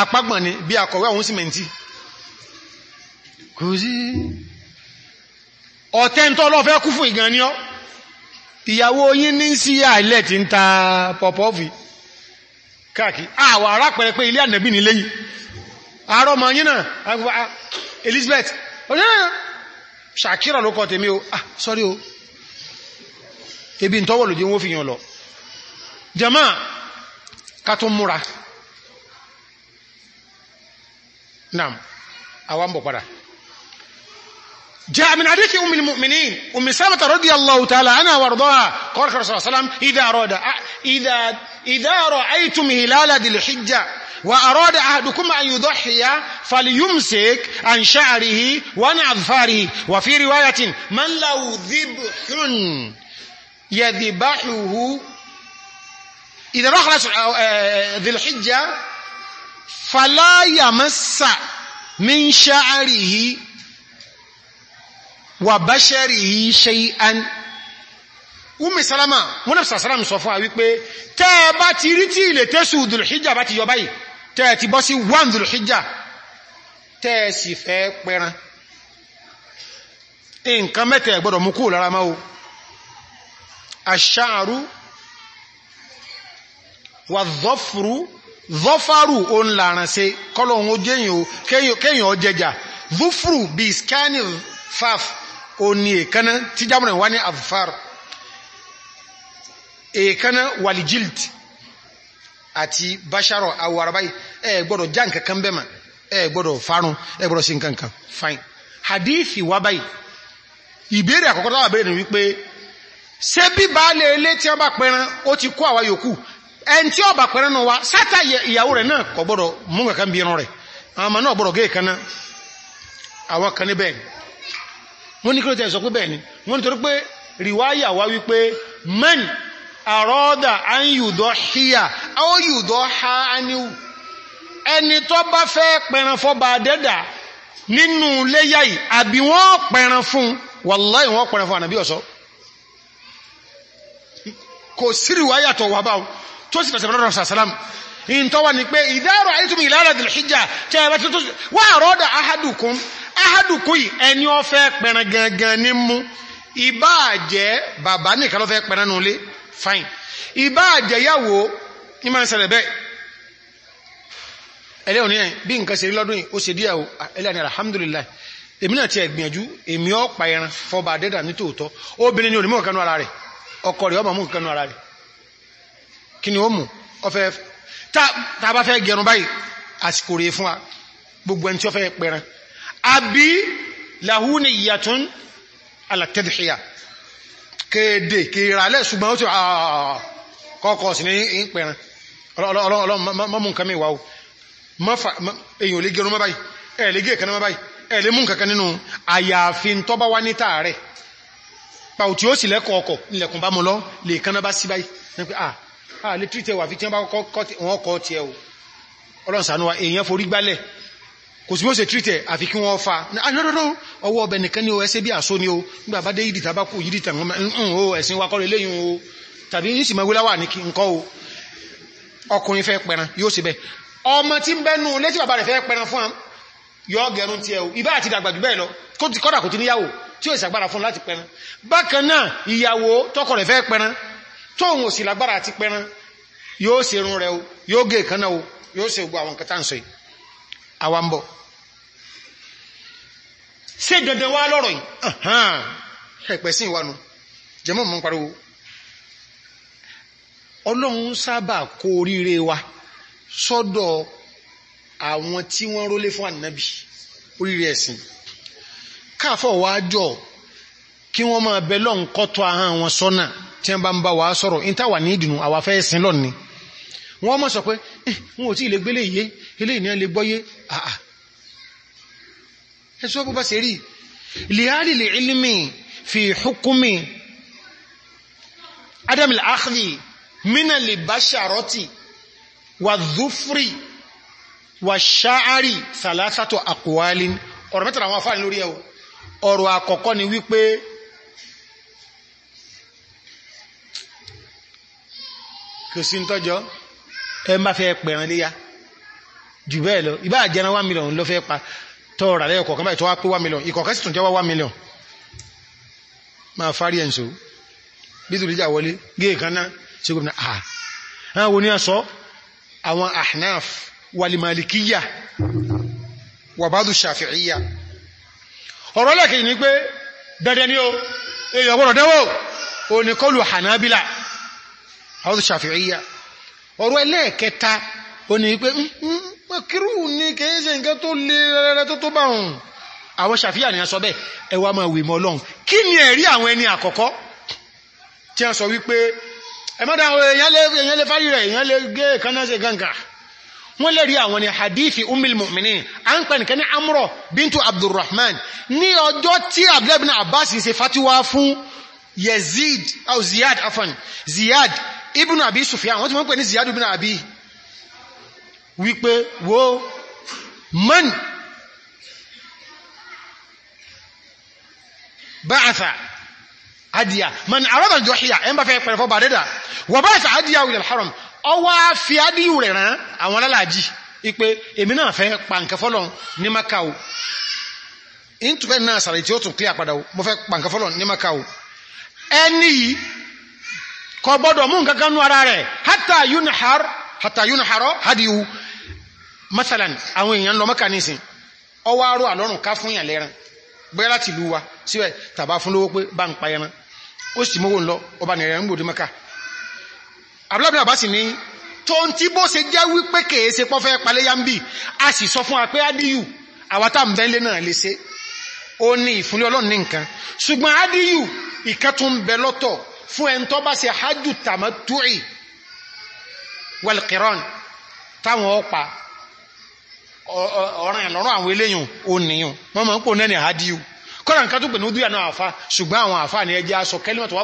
A: apágbọ̀n ni bí akọ̀wé àwọn símẹ́ǹtì kò sí ọ̀tẹ́ káàkiri àwọ̀ ará pẹ̀rẹ̀ pé ilé ànẹ̀bí ní léyìn àárọ̀ ma yínà Elizabeth ọjọ́nà Shakira ló kọ́ tèmi o ah sorry o ebi ń tọ́wọ̀ lòdí wọ́n fi yàn lọ jama ká tó múra náà àwọn bọ̀ padà جاء من عريق أم المؤمنين أم سلمة رضي الله تعالى عنها وارضاها قال الرسول صلى الله عليه وسلم إذا أراد إذا إذا رأيتم هلال ذي الحجة وأراد أحدكم أن يضحي فليمسك عن شعره وعن أظفاره وفي رواية من لو ذبح يذبحه إذا دخل ذي الحجة فلا يمس من شعره wà báṣẹ́rì yìí ṣe án Ummi Salama wọ́n náà sàsáram sọ fún àwípé tẹ́ bá ti rí tí ilẹ̀ tẹ́sù dùlùhíjà bá ti yọ báyìí tẹ́ ti bọ́ sí wọ́n dùlùhíjà tẹ́ sì fẹ́ pẹran nǹkan mẹ́tẹ̀ gbọ́dọ̀ mú kú lára máa o aṣáàrú wà zọ́fúrú faf o ní ti tí jámùrán wá ní azfar èkánná walijilt ati basharo awarabai e gbọ́dọ̀ jank nkankan bẹ́ẹ̀ ma e gbọ́dọ̀ farun e gbọ́dọ̀ sí nkankan fine hadithi wa báyìí ìbéèrè àkọ́kọ́ tó wà bẹ́ẹ̀ ni wípé ṣé bí baálé ti o ba bá o ti ku awa yoku en ti o ba náà na wa sata iyawo re kò gbọ́dọ̀ mú nkankan bí irun rẹ̀ àwọn ọmọ náà gbọ́dọ̀ gé ìkànnà àwọn wọ́n ní kí ló tẹ́ sọ pé bẹ́ẹ̀ ni wọ́n ní torí pé ríwáyà wá wípé mẹ́ni àrọ́dà án yùdọ́ híyà ó yùdọ́ ha áníwù ẹni tó bá fẹ́ pẹran fọ́ba dẹ́dà nínú léyà yìí àbí wọ́n pẹran fún wàláì wọ́n pẹran fún ànàbí ọ̀sọ́ kò sí ríwáyà tó wà báwọn tó sì fẹ̀sẹ̀ ìntọ́wà ní pé ìdárò àìtùmí ìlàrà dìlhíjà tí a bá tí tó wà rọ́dà ahadùkún ahadùkún yìí ẹni ọ fẹ́ pẹ̀rẹ̀ gangan ní mú ìbá jẹ́ bàbá nìkan ló fẹ́ pẹ̀rẹ̀ nulé fine ìbá jẹ́ yàwó ní máa ń ṣẹlẹ̀ bẹ́ẹ̀ ẹlẹ́ òní ẹ̀ bí nǹkan ṣe rí lọ́dún yìí ó ṣe díyàwó ẹlẹ́ àni Ta, bá fẹ́ gẹrun báyìí àsìkò rẹ̀ fún wa gbogbo ẹni tí ó fẹ́ pẹran àbí lahúni ìyàtún alàtẹ́dìṣíyà kéèdè kéèràlẹ̀ ṣùgbọ́n ó ti kọ́kọ́ sí ní ìpẹran ọlọ́mọ nǹkan mẹ́wàá o èyàn ò lè gẹrun mọ́ báyìí ẹ̀ lè gẹ́ ìkaná mọ́ báyìí ẹ̀ lè mú nǹkan kan nínú àyàfin tó bá wá ní tààrẹ̀ tí ó sì lẹ́kọ̀ọ́kọ̀ nílẹ̀kùn lọ lè kaná bá sí báyìí a ah, lè tírítẹ̀ wà fi tí wọ́n kọ́ tí ẹ o ọlọ́nsànú wa èèyàn forí gbálẹ̀ kò sí bí ó ṣe tírítẹ̀ àfi kí wọ́n fa anọ́dọ́dọ́ ah, ọwọ́ ọbẹ̀ nìkan ni o ẹsẹ́ bí àṣó ni o nígbà bá dé yìí tàbá kù yìí tàn ń o ẹ̀sìn wa kọ́rọ̀ eléyìn o tàbí yìí sì máa wílá wà ní nǹkan o ọkùnrin fẹ́ pẹran yóò ṣe bẹ́ẹ̀ ọmọ tí ń bẹ́nu létí bàbá rẹ̀ fẹ́ pẹran fún yọ gẹrun tiẹ̀ o ìbá àti dàgbà jù bẹ́ẹ̀ lọ kódà kò ti níyàwó tí ó ìṣàgbára fún láti pẹran bákan náà ìyàwó tọkọ rẹ̀ fẹ́ pẹran tóun ò sì lágbára àti pẹran yóò ṣe irun rẹ o yóò gé ìkànnà o yóò ṣe gbogbo àwọn nǹkan tá à ń sọ yìí àwa ń bọ̀ ṣé dandan wá lọ́rọ̀ yìí ẹ̀pẹ̀ sí ìwánu jẹ́mọ́ mọ́ pariwo ọlọ́run sábà kó oríire wa sọ́dọ̀ àwọn tí wọ́n rólé fún ànábì oríire ẹ̀sìn káàfọ̀ wájọ́ kí wọ́n máa bẹ lọ́nkọ́tọ̀ ahọ́n sọ́nà tí wọ́n bá ń bá wa sọ̀rọ̀ in táwà ní ìdìnú àwa fẹ́ sin lọ ni wọ́n mọ̀ sọ pé eh, wọn ò tí ilé gbélé yé ilé ah, ìní lè gbọ́yé ah. àà ẹ̀sọ́ bó bá ṣe rí ilmi fi hukumi adam al-akhdi mina lè basharati wa dhufri wa sha'ari salasatu aqwalin ọ̀rọ̀ mẹ́tàrà àwọn afáàrin lórí ẹ̀wọ̀ ọ̀rọ̀ àkọ́kọ́ ni wípé kò sí tọ́jọ́ ẹ má fẹ́ pẹ̀ràn léyà jù bẹ́ẹ̀ lọ ìbá àjẹrà one million ló fẹ́ pa tọ́ ọ̀rà lẹ́yọ̀ kọ̀ọ̀kan báyìí tó wá pé one million ìkọ̀ọ̀kan sì tún jẹ́ wá one million máa fárí ẹ̀ ń so bí tòlí jà wọlé gé kan náà ṣe àwọn ṣàfihìyà ọ̀rọ̀ ẹlẹ́ẹ̀kẹta ó ní wípé mọ̀kírù mm, mm, mm, ní kìí ṣe nǹkan tó lè rẹ̀rẹ̀ tó tó bá hùn àwọn ṣàfihà ní sọ bẹ́ẹ̀ ẹwà máa wì mọ́ lọ́hùn kí ni ẹ̀rí àwọn ẹni àkọ́kọ́ tí a sọ wípé ẹmọ́dá èèyàn lè fárí rẹ̀ èèyàn lè gé kaná ṣe ganga wọ́n lè rí àwọn ni hadithi umil mu'minin a ń pè nìkan ní amro bintu abdulrahman ní ọjọ́ tí abdullahi bin abbas ziyad afan ziyad ibùnà àbí sùfíà wọ́n ti mọ́ pẹ̀ ní ziyadu ibùnà àbí wípé wo man ba'atha adìyà man arada jọ́híyà ẹn bá fẹ́ pẹ̀lẹ̀fọ́ bà dédà wà ba'atha adìyà ilal haram ọwá fi adìyù rẹ̀ rán àwọn alálàájì ipé èmi náà fẹ́ pa nǹkan fọ́lọ̀ ní makau in náà sàrẹ̀ tí ó tún kílẹ̀ àpadà mo fẹ́ pa nǹkan fọ́lọ̀ ní makau ẹni kò gbọ́dọ̀ mú nǹkan kanú ara rẹ̀ hátà yúnàhàr hátà yúnàhàrọ̀ hadiyu masalan àwọn èèyàn lọ mọ́ka nísìn ọwọ́ arú àlọ́rùn ká fún ìyàn lẹ́ran bẹ́ẹ̀ láti lú wa síwẹ̀ tàbá fún lówó pé bá ń pa ẹran ó sì mówó lọ ọba nìyẹn ń gbòdì mọ́ka abúlábìlà bá sì ní tó ń tí bó ṣe jẹ́ fún ẹn tó bá ṣe hajjú tàmàtúì wàlìkìrán táwọn ọpa ọ̀ràn ìlọ́rọ̀ àwọn eléyìn oníyàn wọ́n ma ń pò nẹ́ni àádíyù kọ́rọ̀ nǹkan tó pè ní ó dúyà náà àfá ṣùgbọ́n àwọn àfá ní ẹjẹ́ aṣọ kẹ́límọ̀tò wà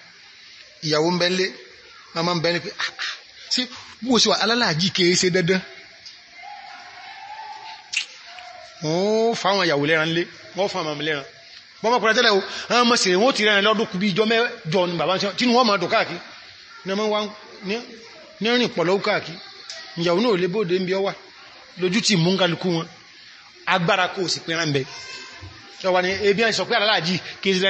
A: ìyàwó ń bẹ ń lé màmá ń bẹ ní pé ah, ah, ṣé bó ṣe wà alálàájì kìí ṣe dandan wọ́n fáwọn ìyàwó lẹ́ran lé wọ́n fáwọn màmá lẹ́ran bọ́mọ̀ pẹ̀lú tẹ́lẹ̀ o àwọn ọmọ sèrè wọ́n ti rẹ̀rìn lọ́dún kú ìjọ ni bàbá tí wọ́n máa dùn káàkiri ní rìn pọ̀lọ́wọ́ káàkiri ìyàwó náà lè bóde ebi àìsàn pé alálàájì kìí ṣe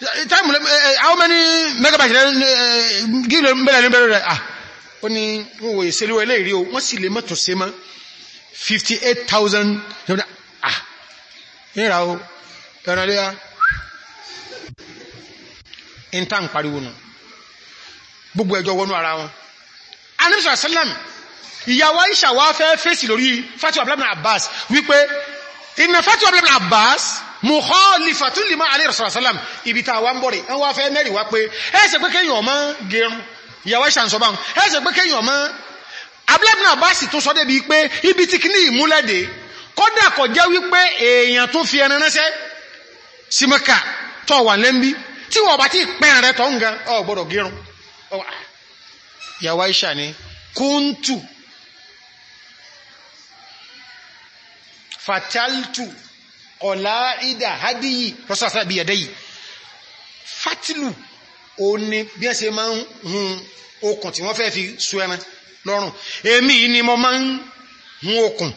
A: time eh, eh, how many megabyte eh, give le mbele ni ah oni wọ́n wo se lewo eleri o wọ́n sì lè mọ́tò se mo 58000 ah nira o kana le in tan pariwo nu gbogbo ẹjọ́ wọnú ara wọn anabi sallam ìyàwó Aisha wá fẹ́ fèsì lórí Fatu Abdullah Abbas wípé inna Fatu Abdullah Abbas mùkọ́lìfàtún lè máa àlèrè sọ̀rọ̀sọ́lám ibi tàà wá ń bọ̀rẹ̀ wọ́n wá fẹ́ mẹ́rin wá pé ẹ́sẹ̀ pé kéyàn ọmọ gẹrun ìyàwó ìṣàǹsọ́bá ẹ́sẹ̀ pé kéyàn ọmọ abúlẹ́bìnà bá sì tún sọ́dẹ̀ bíi pé ibi tí kì ní ìmúlẹ̀dẹ̀ kọ́dà kọ̀ jẹ́ wípé èèyàn tó fi ẹran ránṣẹ́ sí Mẹ́kà tó wà lẹ́mbí tí wọ́n bá ti pẹ́ rẹ̀ tó ń ga ọ gbọ́dọ̀ fataltu ọ̀làídà hádìyì rọ́sàsà bí ẹ̀dẹ́ yìí fátìlù ó ní bí ẹ ṣe máa ń hun okùn tí wọ́n fẹ́ fi so ẹran lọ́rùn ni mo máa ń hun okùn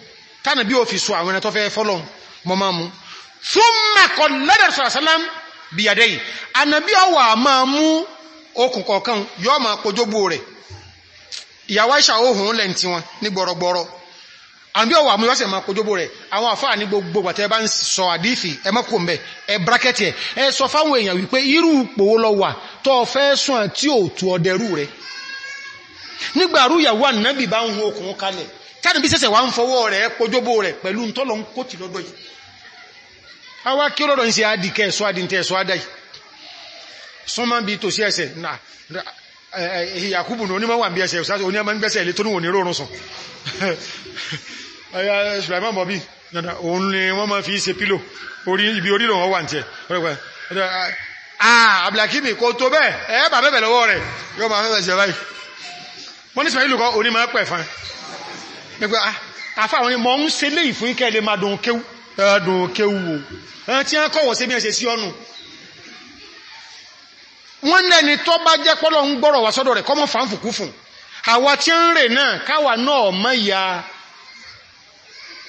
A: tánà bí o fi so àwọn ẹran tó fẹ́ mo máa mú thumma qallada rọ́sàsàlám àbí ọwà mú yọ́sẹ̀ máa rẹ rẹ̀ àwọn àfáà ní gbogbo bàtẹ́ bá ń sọ àdífì ẹmọ́kò mẹ́ ẹ brákẹ́tì ẹ sọ fáwọn èèyàn wípé irú pòó lọ wà tọ́ fẹ́ sùn àti òtù ọ̀dẹ̀rú rẹ̀ nígbàrú ìyàwó ànábì bá ń hun okùn kalẹ̀ bí sẹ́sẹ̀ wá ń fọwọ́ rẹ̀ rẹ̀ pẹ̀lú ní bí ẹsẹ̀ òsáṣẹ́ ń gbẹ́sẹ̀ ilé tó níwò ẹ̀yà Sulaiman bọ̀bí dada òun ni wọ́n máa fi ṣe pílò ibi orílò wọn wà ní tẹ́ àbìlàkíbì kò tó bẹ́ẹ̀ ẹ̀ bà bẹ́ẹ̀ lọ́wọ́ rẹ̀ yóò máa fẹ́fẹ́ ṣe báyìí wọ́n ní Ismail kọ́ òní máa pẹ̀ fún ẹ pé ah, àfa àwọn mọ̀ ń ṣe léyìí fún ikẹ́ lè máa dùn kéwù dùn kéwù o ẹni tí wọ́n kọ̀wọ̀ sí bí wọ́n ṣe sí ọ̀nù wọ́n lẹ́ni tó bá jẹ́ pọ́lọ́ ń gbọ́rọ̀ wá sọ́dọ̀ rẹ̀ kọ́mọ́ fàǹfùkú fún àwa tí ń rè náà káwa náà mọ̀ ya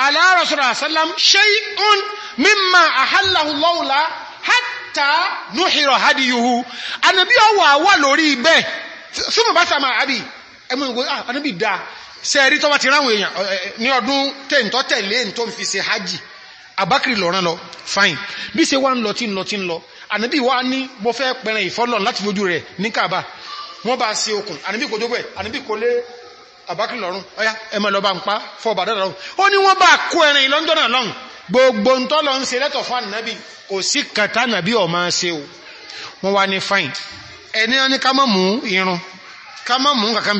A: على رسول الله صلى الله عليه وسلم شيء مما أحله الله له حتى نحر هديه Ànábì ọwọ́ àwọ́ lórí ibẹ̀ tí mo bá sàmà àbí ẹmọ ìwò ah, Ànábì dáa sẹ́ẹ̀rí tó bá ti ráwọn èèyàn ní ọdún tẹ́ǹtọ́ tẹ̀lé tó fi ṣe hajj Abakiri lọ́rán lọ fine bí ṣe wá ń lọ tí ń lọ tí ń lọ Ànábì wá ní mo fẹ́ pẹ̀rẹ̀ ìfọ́lọ̀ láti fojú rẹ̀ ní Kaaba wọ́n bá ṣe okùn Ànábì kò dógbẹ̀ Ànábì kò lé àbákìrì lọ́rùn ọyá ẹmọ lọ́ba ń pa fọ́ bàdá lọ́rùn ó ní wọ́n bá kó ẹrin gbogbo ń tọ́lọ ń ṣe lẹ́tọ̀ fún ànábì kò sí kàtà nàbí ọ̀ o wọ́n wá ní fine ẹni wọn ní ká mú irun ká mú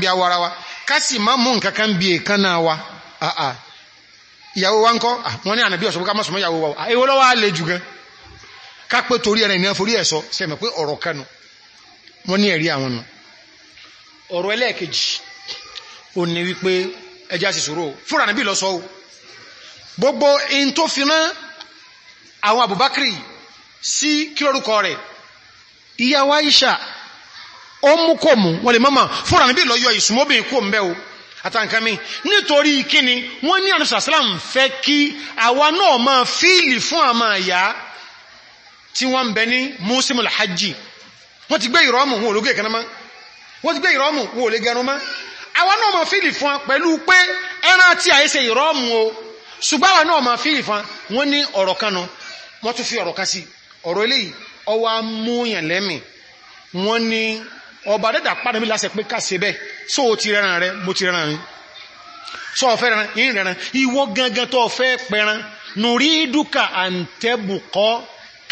A: bí awọ ara wa ká sì má mú nǹkan bí èékánná wa ìyàwó wa ń kọ́ wọ́n ní ká sọ ó ní wípé ẹjá sì ṣòro fúnra níbí lọ sọ ó gbogbo in tó fi rán àwọn Abubakri sí kílórúkọ rẹ̀ ìyàwó Aisha ó mú kò mú wọ́n lè mọ́mọ́ fúnra níbí lọ yọ ìsúnmọ́bìnrin kò mbẹ́ o àtànkàmí nítorí kíni wọ́n ní àrùsà sálàm fẹ́ kí ti gbé ìrọ́mù wọn ò lè gẹrun máa àwa náà ma fíìlì fún pẹ̀lú pé ẹran tí ìrọ́mù o ṣùgbọ́n náà ma fíìlì fún ní ọ̀rọ̀ kan wọ́n tún fi ọ̀rọ̀ kan sí ọ̀rọ̀ eléyìí ọwọ́ amúyàn lẹ́mì wọ́n ní ọba dẹ́dà padà mi pé so o ti rẹran rẹ mo ti rẹran so ọ̀fẹ́ rẹran yìí rẹran gangan tó ọ̀fẹ́ pẹran nùrí dúkà àǹtẹ̀bùkọ́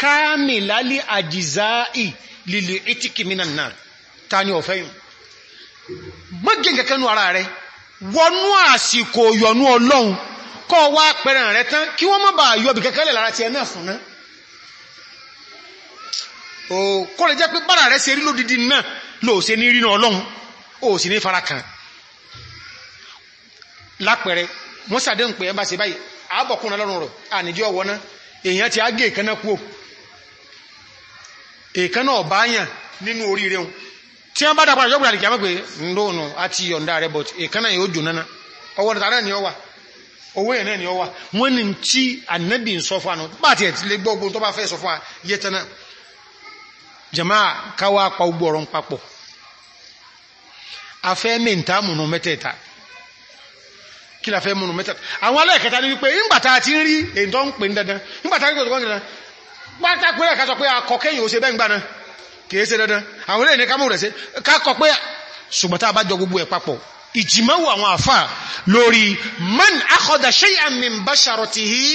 A: káàmì lálẹ́ àjìzáì lílì ìtìkì mìíràn náà ta ni ọ̀fẹ́ mọ́gẹ̀ kẹkẹnu ara rẹ wọnú àsìkò yọnú ọlọ́run kọ́ wá pẹ̀rẹ̀ rẹ tán kí wọ́n má bàa yọbì kẹkẹlẹ̀ lára ti ẹ̀nà fún náà kọ́ lè jẹ́ pé bára rẹ ṣe rí lódìdí náà lò ṣe ní rínà ọlọ́run ó sì ní fara kan lápẹẹrẹ wọ́n sàdéhùn pé ẹ bá ṣe báyìí àbọ̀kúnra lọ́rùn rọ̀ àníjẹ́ ọwọ́ náà èèyàn ti á gé ìkànnà kúò èèkànnà ọ̀báyàn nínú oríire wọn tí wọ́n bá dà padà a lè jábọ̀ pé ńlọ́ọ̀nù àti ọ̀ǹda rẹ̀ but èkánná yóò jò nánà ọwọ́ rẹ̀ ni ọ owó ni ọ wọ́n ní tí ànábì ń sọ fún àná bá yẹ tẹ́nà jama káwa pa ogbó ọ̀rọ̀ papọ̀ afẹ́ mẹ́ta múnú mẹ́tẹ̀ẹ̀ta kí la fẹ́ múnú mẹ́tẹ̀ẹ̀ta àwọn ni wípé ńgbàtà ti rí èyí tó ń pè dandan ńgbàtà kìí ṣe dandan àwọn ilé ìníkà mú rẹ̀ sí kákọ̀ pé ṣùgbọ́n tá a bá jọ gbogbo ẹ̀ papọ̀ ìjìmọ́wò àwọn àfà lórí man akhadha shay'an min basharatihi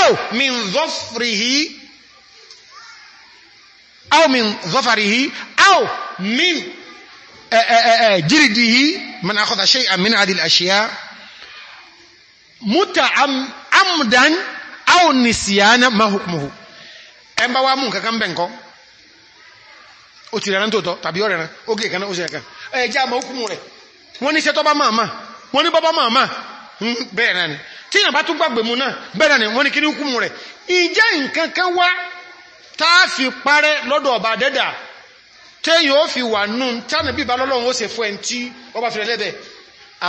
A: aw min dhafrihi aw min dhafarihi aw min jiridihi man akhadha shay'an min hadhihi al-ashya' muta'amdan aw nisyana ma hukmuhu ẹmbá ó ti rẹ̀rán tóòtọ́ tàbí ọ̀rẹ̀rán ó gé ìkaná ó sì ẹ̀kan ẹ̀jẹ́ àmọ́ òkúmù rẹ̀ wọ́n ní sẹ́tọ́ bá máa wọ́n ní bọ́bá máa hmm, bẹ́ẹ̀ náà ni tí yàn bá tún náà bẹ́ẹ̀ ni wọ́n ní rẹ̀ fi parẹ́ lọ́dọ̀ ọba dẹ́dà yóò fi wà nù tánà ó sì ẹni tí ọba fi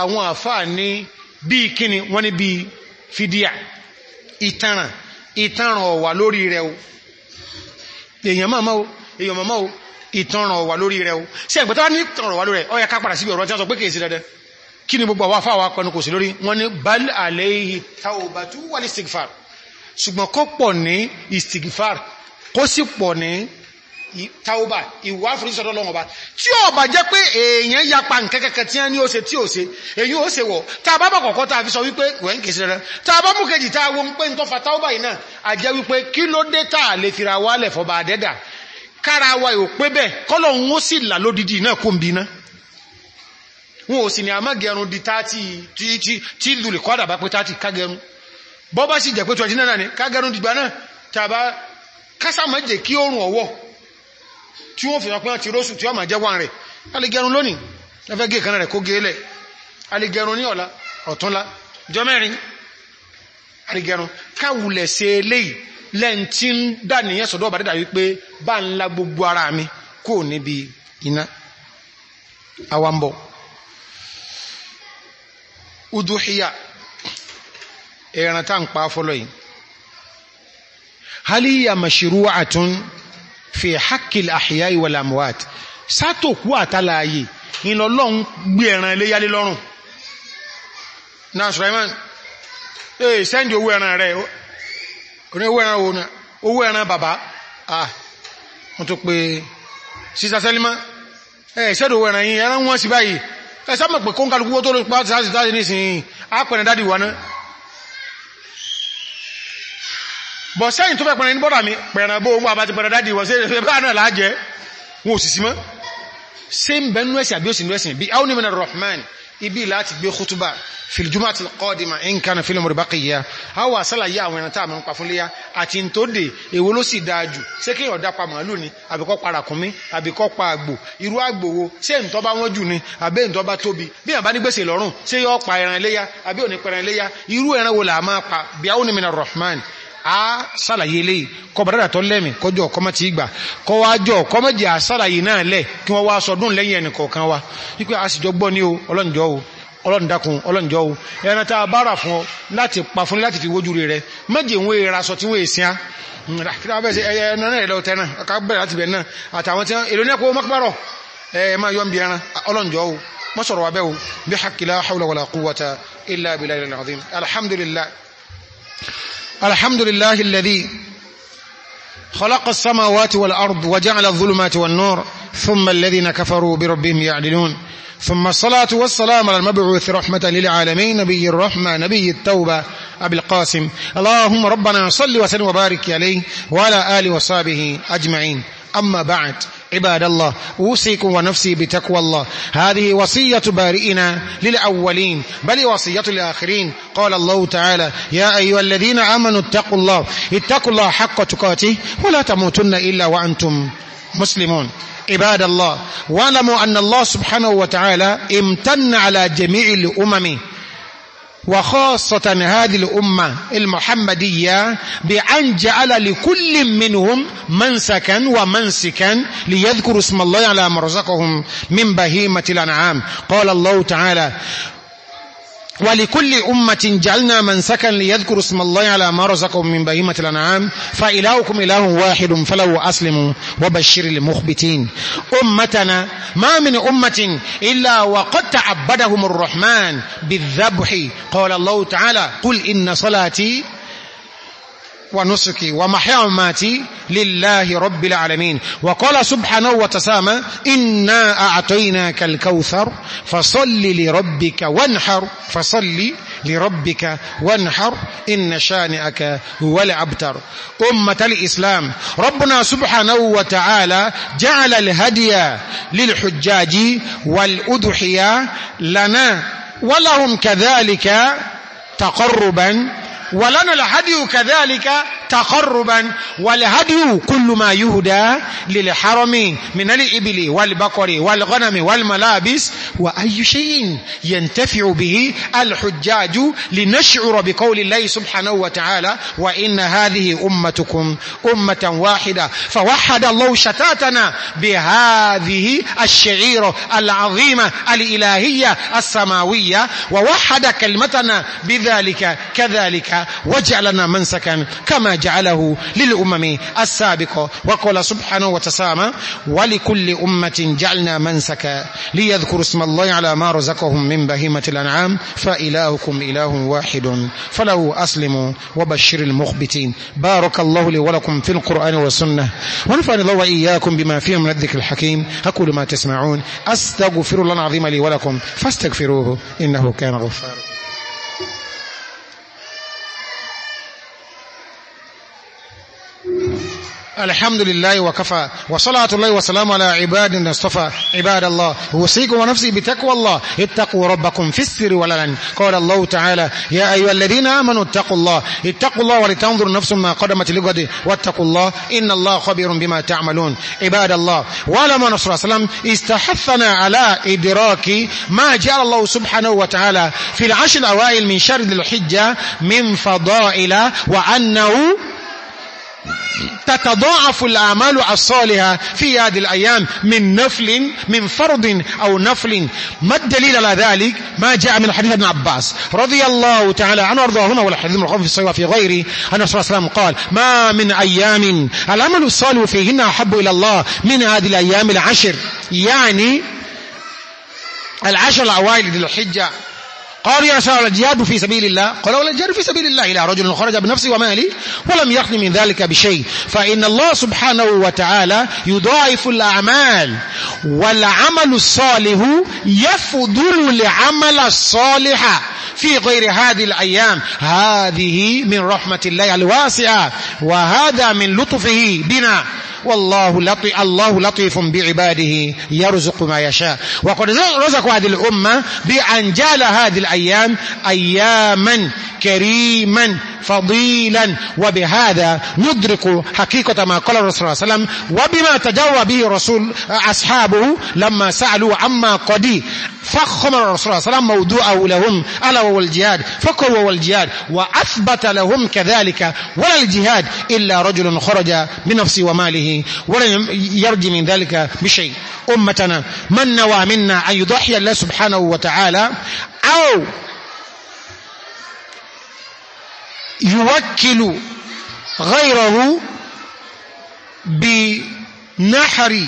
A: àwọn àfáà ní kíni wọ́n ní fídíà ìtanràn ìtanràn ọ̀wà lórí rẹ̀ o èèyàn ìtànràn wà lórí rẹ̀ o sí ẹgbẹ̀ tó wá ní ìtànràn wà lórí rẹ̀ ó yá ká padà sí ọ̀rọ̀ tí a sọ pé kèèsì dandan kí ni gbogbo àwọn afáwà pẹnu kò sí lórí wọ́n ní bal alayhi taubatu wal istighfar ṣùgbọ́n kó pọ̀ ní istighfar kó sì pọ̀ ní tauba ìwà àforíjì sọ́dọ̀ Ọlọ́run Ọba tí ó bá jẹ́ pé èèyàn yapa nkẹ́kẹ́kẹ́ tí wọ́n ní kára wa ò pé bẹ́ẹ̀ kọ́lọ̀ ń ó sì là lódìdí náà kó ń bi náà wọn ò sì ní àmọ́ gẹrun di tààtì tí lulẹ̀ kọ́dà bá pé tààtì kágẹrun bọ́ bá sì jẹ́ pé twenty nine ni kágẹrun dìgbà náà tàbá kásámọ́ jẹ́ kí oòrùn ọ̀wọ́ tí wọ́n fi hàn pé wọ́n ti rósù tí wọ́n máa jẹ́ wọn lẹ́ntí ń dà níyẹn sọ̀dọ̀ ọ̀bàdẹ́dà wípé bá ń la gbogbo ara mi kò níbi iná awambo uduhiya ẹran tá ń pa fọ́lọ́ yìí haliya mashru'atun fi haqqil ahya'i wal amwat sátòkú àtàlàyé ìlọlọ́run gbé ẹran iléyálé lọ́rùn náà sùrẹ́mán ẹ̀ sẹ́ndì owó ẹran rẹ̀ oní owó ẹran òun owó ẹran bàbá ah wọ́n tó pé sísá sẹ́límá ẹ̀ ṣẹ́dọ̀ owó ẹran yìí ẹran wọ́n sí báyìí ẹ̀ sábà pé kóńkàlùkù wọ́n tó lọ pa sáà sítáàdì nísìnyí ápẹ̀rẹ̀ dádì wà náà bọ̀ sẹ́yìn tó fẹ́ pẹ̀rẹ̀ ní bọ́dà mi pẹ̀rẹ̀ bó owó àbájẹ́ pẹ̀rẹ̀ dádì wọ́n sí ẹ̀fẹ́ bá náà láàjẹ́ wọn ò sì sí mọ́ sí ń bẹ́nu ẹ̀sìn àbí òsì nú ẹ̀sìn bí áwọn ènìyàn rahman ibi láti gbé kútúbà fìlìjúmàtì kọ́dìmà nǹkan fílì mọ̀rìbákìyà a wà sálàyé àwọn ìrántà àmì pa fún léyà àti tó dè èwo ló sì dáa jù ṣé kí ọ̀dá pa màálù ni àbíkọ́ pa ràkúnmí àbíkọ́ pa àgbò irú àgbòwo ṣé ǹtọ́ bá wọ́n jù ni àbẹ́ ǹtọ́ bá tóbi bí àbá ní gbèsè lọ́rùn ṣé yọ pa ẹran léyà àbí òní pẹran léyà irú ẹran wo là máa pa bí a sàlàyé lè kọbàdàdà tó lẹ́mì kọjọ ọkọmọ ti gbà kọwàájọ ọkọmọ jẹ́ a sàlàyé náà lẹ̀ kí wọ́n wá sọdún lẹ́yìn ẹnì kọ̀ọ̀kan wa wípé a sì jọ gbọ́ ní ọlọ́njọ́ o ọlọ́ndakun hmm, bí hakila hawla wala quwwata illa billahi alhamdulillah الحمد لله الذي خلق السماوات والأرض وجعل الظلمات والنور ثم الذين كفروا بربهم يعدلون ثم الصلاة والسلام على المبعوث رحمة للعالمين نبي الرحمة نبي التوبة أبي القاسم اللهم ربنا صل وسلم وبارك عليه وعلى آله وصحبه أجمعين أما بعد عباد الله أوصيكم ونفسي بتقوى الله هذه وصية بارئنا للأولين بل وصية الآخرين قال الله تعالى يا أيها الذين آمنوا اتقوا الله اتقوا الله حق تقاته ولا تموتن إلا وأنتم مسلمون عباد الله وعلموا أن الله سبحانه وتعالى امتن على جميع الأمم وخاصة هذه الأمة المحمدية بأن جعل لكل منهم منسكا ومنسكا ليذكروا اسم الله على ما رزقهم من بهيمة الأنعام قال الله تعالى ولكل أمة جعلنا منسكا ليذكروا اسم الله على ما رزقهم من بهيمة الأنعام فإلهكم إله واحد فلو أسلموا وبشر المخبتين أمتنا ما من أمة إلا وقد تعبدهم الرحمن بالذبح قال الله تعالى قل إن صلاتي ونسكي ومحيا لله رب العالمين وقال سبحانه وتسامى إنا أعطيناك الكوثر فصل لربك وانحر فصل لربك وانحر إن شانئك هو العبتر أمة الإسلام ربنا سبحانه وتعالى جعل الهدي للحجاج والأدحية لنا ولهم كذلك تقربا ولنا الهدي كذلك تقربا والهدي كل ما يهدى للحرم من الإبل والبقر والغنم والملابس وأي شيء ينتفع به الحجاج لنشعر بقول الله سبحانه وتعالى وإن هذه أمتكم أمة واحدة فوحد الله شتاتنا بهذه الشعيرة العظيمة الإلهية السماوية ووحد كلمتنا بذلك كذلك وجعلنا منسكا كما جعله للأمم السابقة وقال سبحانه وتسامى ولكل أمة جعلنا منسكا ليذكر اسم الله على ما رزقهم من بهيمة الأنعام فإلهكم إله واحد فله أسلموا وبشر المخبتين بارك الله لي ولكم في القرآن والسنة ونفعني الله وإياكم بما فيه من الذكر الحكيم أقول ما تسمعون أستغفر الله العظيم لي ولكم فاستغفروه إنه كان غفارا الحمد لله وكفى وصلاة الله وسلام على عباد اصطفى عباد الله أوصيكم ونفسي بتقوى الله اتقوا ربكم في السر والعلن قال الله تعالى يا أيها الذين آمنوا اتقوا الله اتقوا الله ولتنظر نفس ما قدمت لغد واتقوا الله إن الله خبير بما تعملون عباد الله ولما نصر وسلم استحثنا على إدراك ما جعل الله سبحانه وتعالى في العشر الأوائل من شر الحجة من فضائل وأنه تتضاعف الأعمال الصالحة في هذه الأيام من نفل من فرض أو نفل ما الدليل على ذلك ما جاء من حديث ابن عباس رضي الله تعالى عنه وارضاهما هنا والحديث من في الصحيح وفي غيره أن الرسول صلى الله عليه وسلم قال ما من أيام العمل الصالح فيهن أحب إلى الله من هذه الأيام العشر يعني العشر الأوائل للحجة قالوا يا رسول الله الجهاد في سبيل الله قال ولا الجهاد في سبيل الله إلى رجل خرج بنفسه وماله ولم يخن من ذلك بشيء فإن الله سبحانه وتعالى يضاعف الأعمال والعمل الصالح يفضل لعمل الصالح في غير هذه الأيام هذه من رحمة الله الواسعة وهذا من لطفه بنا والله لطي الله لطيف بعباده يرزق ما يشاء وقد رزق هذه الأمة بأن جال هذه الأيام أياما كريما فضيلا وبهذا ندرك حقيقة ما قال الرسول صلى الله عليه وسلم وبما تجوى به رسول أصحابه لما سألوا عما قدي فخم الرسول صلى الله عليه وسلم موضوعه لهم ألا وهو الجهاد فكر وهو الجهاد وأثبت لهم كذلك ولا الجهاد إلا رجل خرج بنفسه وماله ولا يرجي من ذلك بشيء أمتنا من نوى منا أن يضحي الله سبحانه وتعالى أو يوكل غيره بنحر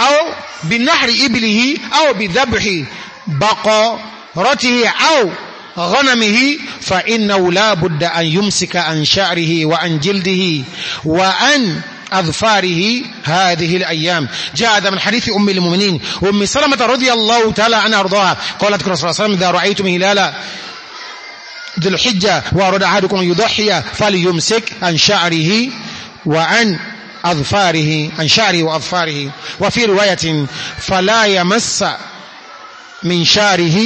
A: أو بنحر إبله أو بذبح بقرته أو غنمه فإنه لا بد أن يمسك عن شعره وعن جلده وأن أظفاره هذه الأيام جاء هذا من حديث أم المؤمنين أم سلمة رضي الله تعالى عنها أرضاها قالت رسول الله صلى الله عليه وسلم إذا رأيتم هلالا ذي الحجة وأراد أحدكم أن يضحي فليمسك عن شعره وعن أظفاره عن شعره وأظفاره وفي رواية فلا يمس من شعره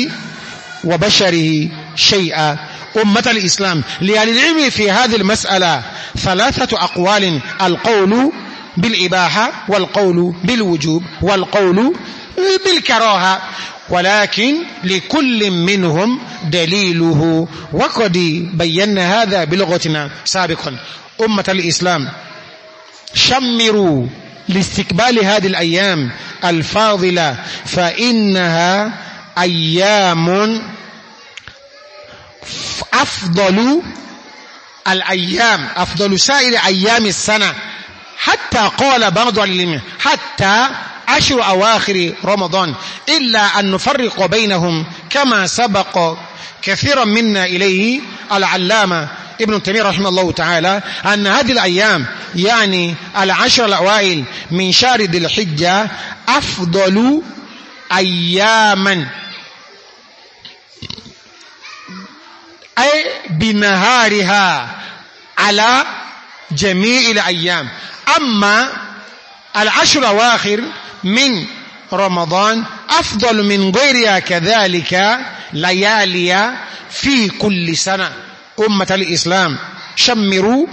A: وبشره شيئا أمة الإسلام لأن العلم في هذه المسألة ثلاثة أقوال القول بالإباحة والقول بالوجوب والقول بالكراهة ولكن لكل منهم دليله وقد بينا هذا بلغتنا سابقا أمة الإسلام شمروا لاستقبال هذه الأيام الفاضلة فإنها أيام أفضل الأيام أفضل سائر أيام السنة حتى قال بعض العلماء حتى عشر أواخر رمضان إلا أن نفرق بينهم كما سبق كثيرا منا إليه العلامة ابن تيمية رحمه الله تعالى أن هذه الأيام يعني العشر الأوائل من شهر ذي الحجة أفضل أياما بنهارها على جميع الأيام أما العشر الأواخر من رمضان أفضل من غيرها كذلك ليالي في كل سنة أمة الإسلام شمروا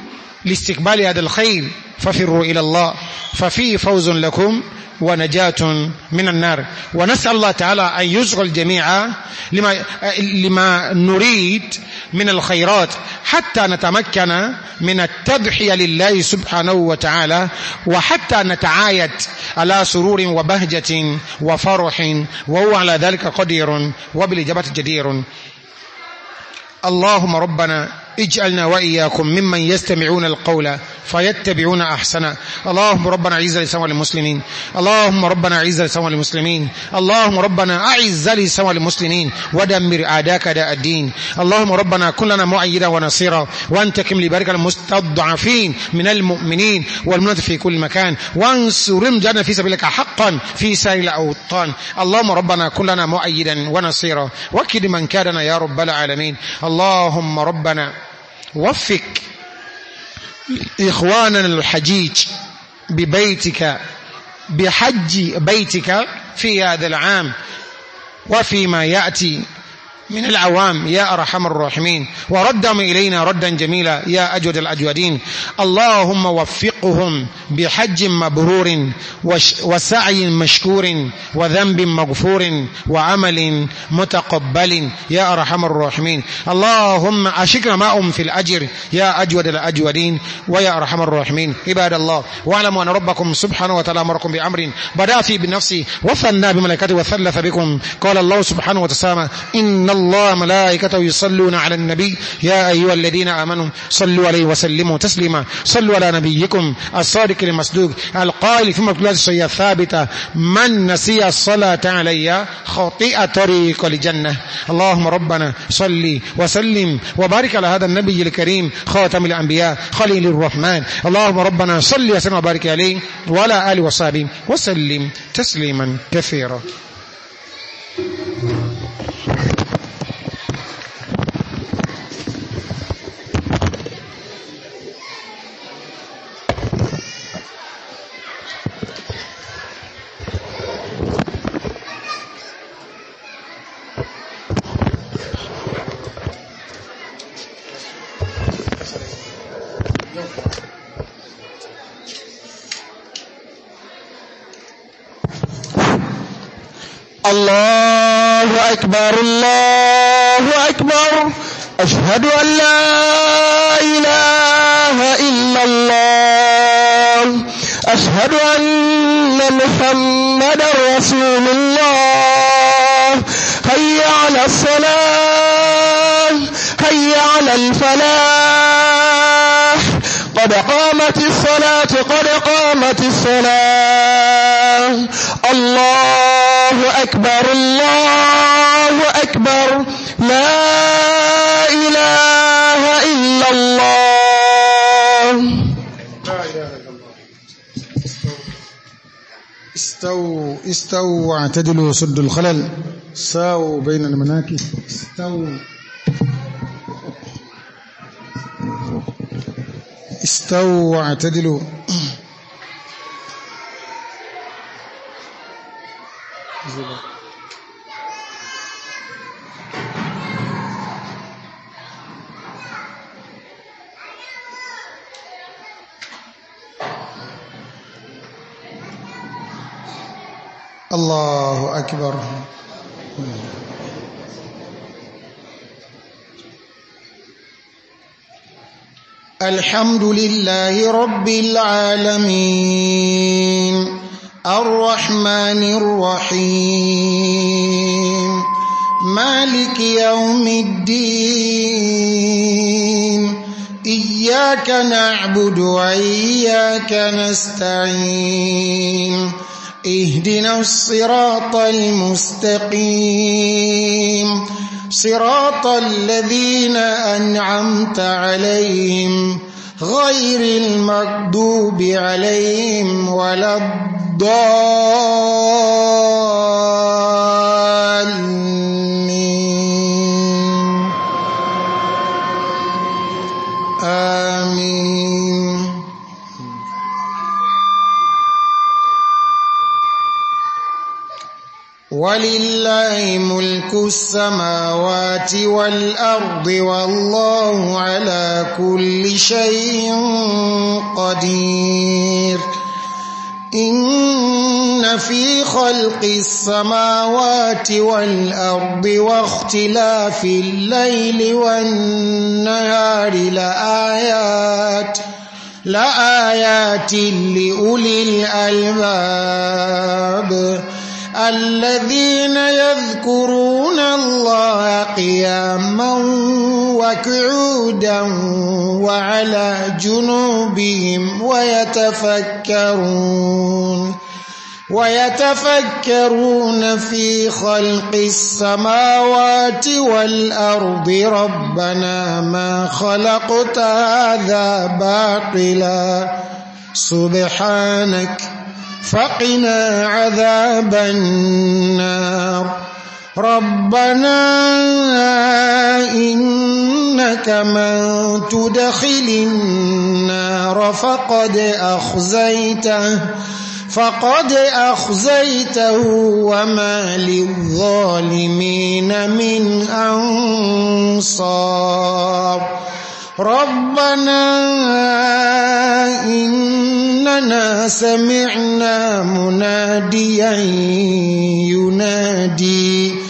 A: لاستقبال هذا الخير ففروا إلى الله ففي فوز لكم ونجاة من النار ونسأل الله تعالى أن يشغل جميعا لما, لما نريد من الخيرات حتى نتمكن من التضحية لله سبحانه وتعالى وحتى نتعايد على سرور وبهجة وفرح وهو على ذلك قدير وبالإجابة جدير اللهم ربنا اجعلنا وإياكم ممن يستمعون القول فيتبعون أحسنه اللهم ربنا أعز الإسلام والمسلمين اللهم ربنا أعز الإسلام والمسلمين اللهم ربنا أعز الإسلام والمسلمين ودمر أعداءك اعداء الدين اللهم ربنا كن لنا مؤيدا ونصيرا كم لبارك المستضعفين من المؤمنين والمؤمنات في كل مكان وانصر رمجنا في سبيلك حقا في سائر الأوطان اللهم ربنا كن لنا مؤيدا ونصيرا وكد من كادنا يا رب العالمين اللهم ربنا وفق إخواننا الحجيج ببيتك بحج بيتك في هذا العام وفيما يأتي من العوام يا أرحم الراحمين وردهم إلينا ردا جميلا يا أجود الأجودين اللهم وفقهم بحج مبرور وسعي مشكور وذنب مغفور وعمل متقبل يا أرحم الراحمين اللهم أشكر أم في الأجر يا أجود الأجودين ويا أرحم الراحمين عباد الله واعلموا أن ربكم سبحانه وتعالى أمركم بأمر بدأ في بنفسي وثنى بملكته وثلث بكم قال الله سبحانه وتعالى إن الله الله ملائكته يصلون على النبي يا أيها الذين آمنوا صلوا عليه وسلموا تسليما صلوا على نبيكم الصادق المصدوق القائل في مقلات الشيء الثابتة من نسي الصلاة علي خطئ طريق الجنة اللهم ربنا صلي وسلم وبارك على هذا النبي الكريم خاتم الأنبياء خليل الرحمن اللهم ربنا صلي وسلم وبارك عليه وعلى آله وصحبه وسلم تسليما كثيرا أكبر الله أكبر أشهد أن لا إله إلا الله أشهد أن محمد رسول الله هيا على الصلاة هيا على الفلاح قد قامت الصلاة قد قامت الصلاة الله أكبر الله أكبر لا إله إلا الله استو استووا واعتدلوا سد الخلل ساووا بين المناكب استووا استووا واعتدلوا Thank you. الله أكبر الحمد لله رب العالمين الرحمن الرحيم مالك يوم الدين إياك نعبد وإياك نستعين اهدنا الصراط المستقيم صراط الذين أنعمت عليهم غير المكذوب عليهم ولا الضالين ولله ملك السماوات والأرض والله على كل شيء قدير إن في خلق السماوات والأرض واختلاف الليل والنهار لآيات لآيات لأولي الألباب الذين يذكرون الله قياما وقعودا وعلى جنوبهم ويتفكرون ويتفكرون في خلق السماوات والأرض ربنا ما خلقت هذا باطلا سبحانك فقنا عذاب النار ربنا إنك من تدخل النار فقد أخزيته فقد أخزيته وما للظالمين من أنصار ربنا إننا سمعنا مناديا ينادي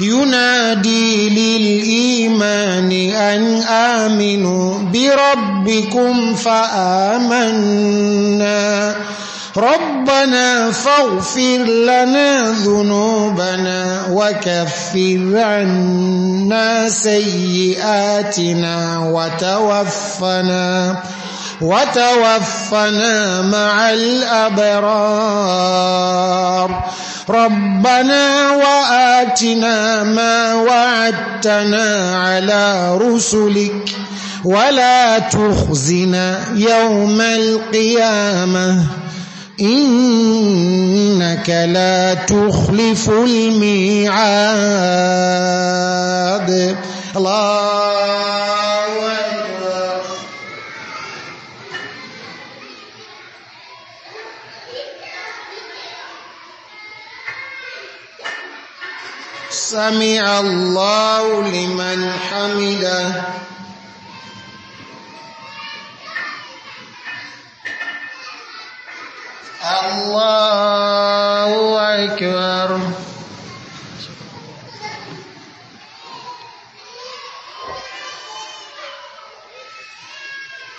A: ينادي للإيمان أن آمنوا بربكم فآمنا ربنا فاغفر لنا ذنوبنا وكفر عنا سيئاتنا وتوفنا وتوفنا مع الأبرار ربنا وآتنا ما وعدتنا على رسلك ولا تخزنا يوم القيامه إنك لا تخلف الميعاد الله سمع الله لمن حمده Allahu Akbar.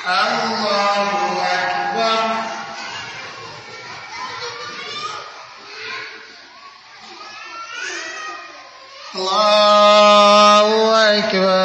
A: Allahu Akbar. Allahu Akbar.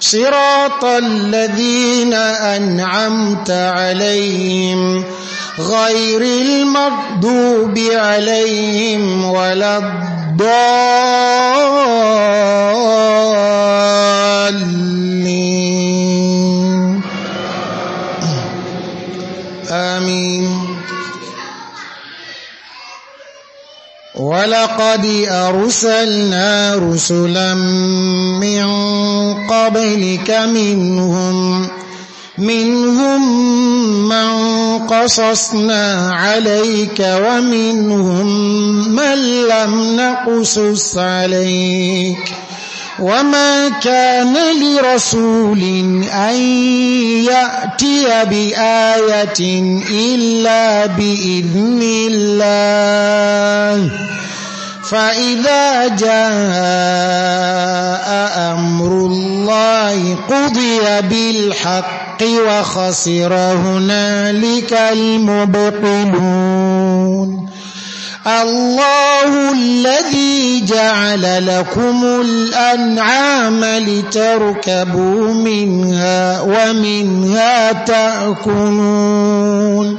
A: صراط الذين أنعمت عليهم غير المغضوب عليهم ولا الضالين آمين ولقد أرسلنا رسلا من قبلك منهم منهم من قصصنا عليك ومنهم من لم نقصص عليك وما كان لرسول أن يأتي بآية إلا بإذن الله فإذا جاء أمر الله قضي بالحق وخسر هنالك المبطلون الله الذي جعل لكم الأنعام لتركبوا منها ومنها تأكلون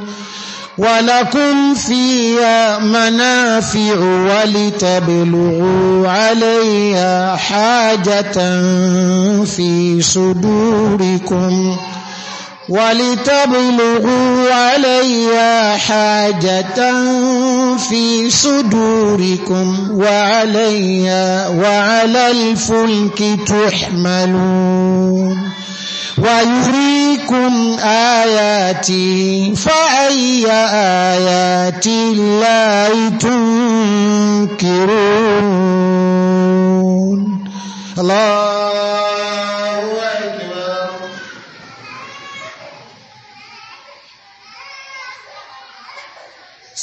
A: ولكم فيها منافع ولتبلغوا عليها حاجة في صدوركم ۖ ولتبلغوا علي حاجة في صدوركم وعلي وعلى الفلك تحملون ويريكم آياتي فأي آيات الله تنكرون الله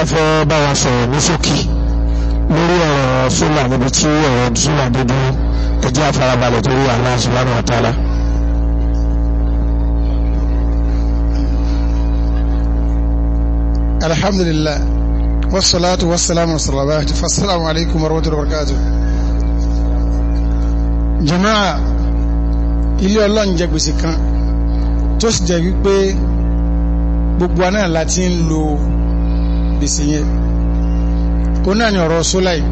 A: wá fẹ́ bá wa sọ̀rọ̀ ní ṣókí lórí ọ̀rọ̀ súnà níbi tí ọ̀rọ̀ súnà dúdú ẹjẹ́ àfarabalẹ̀ torí Allah subhanahu wa ta'ala. alhamdulillah wasalaatu wasalaamu wasalaamaaleykum fasalaamu aleykum wa rahmatulahi wa barakatuh. jamaa ilé ọlọ́run jẹ gbèsè kan tó sì jẹ́ wípé gbogbo àná láti ń lo gbèsè yẹn ó náà ní ọ̀rọ̀ sólà yìí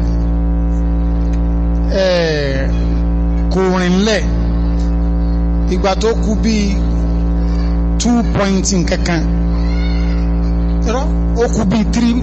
A: kò rìn lẹ̀ ìgbà tó kú bíi two point nkankan ó kú bíi three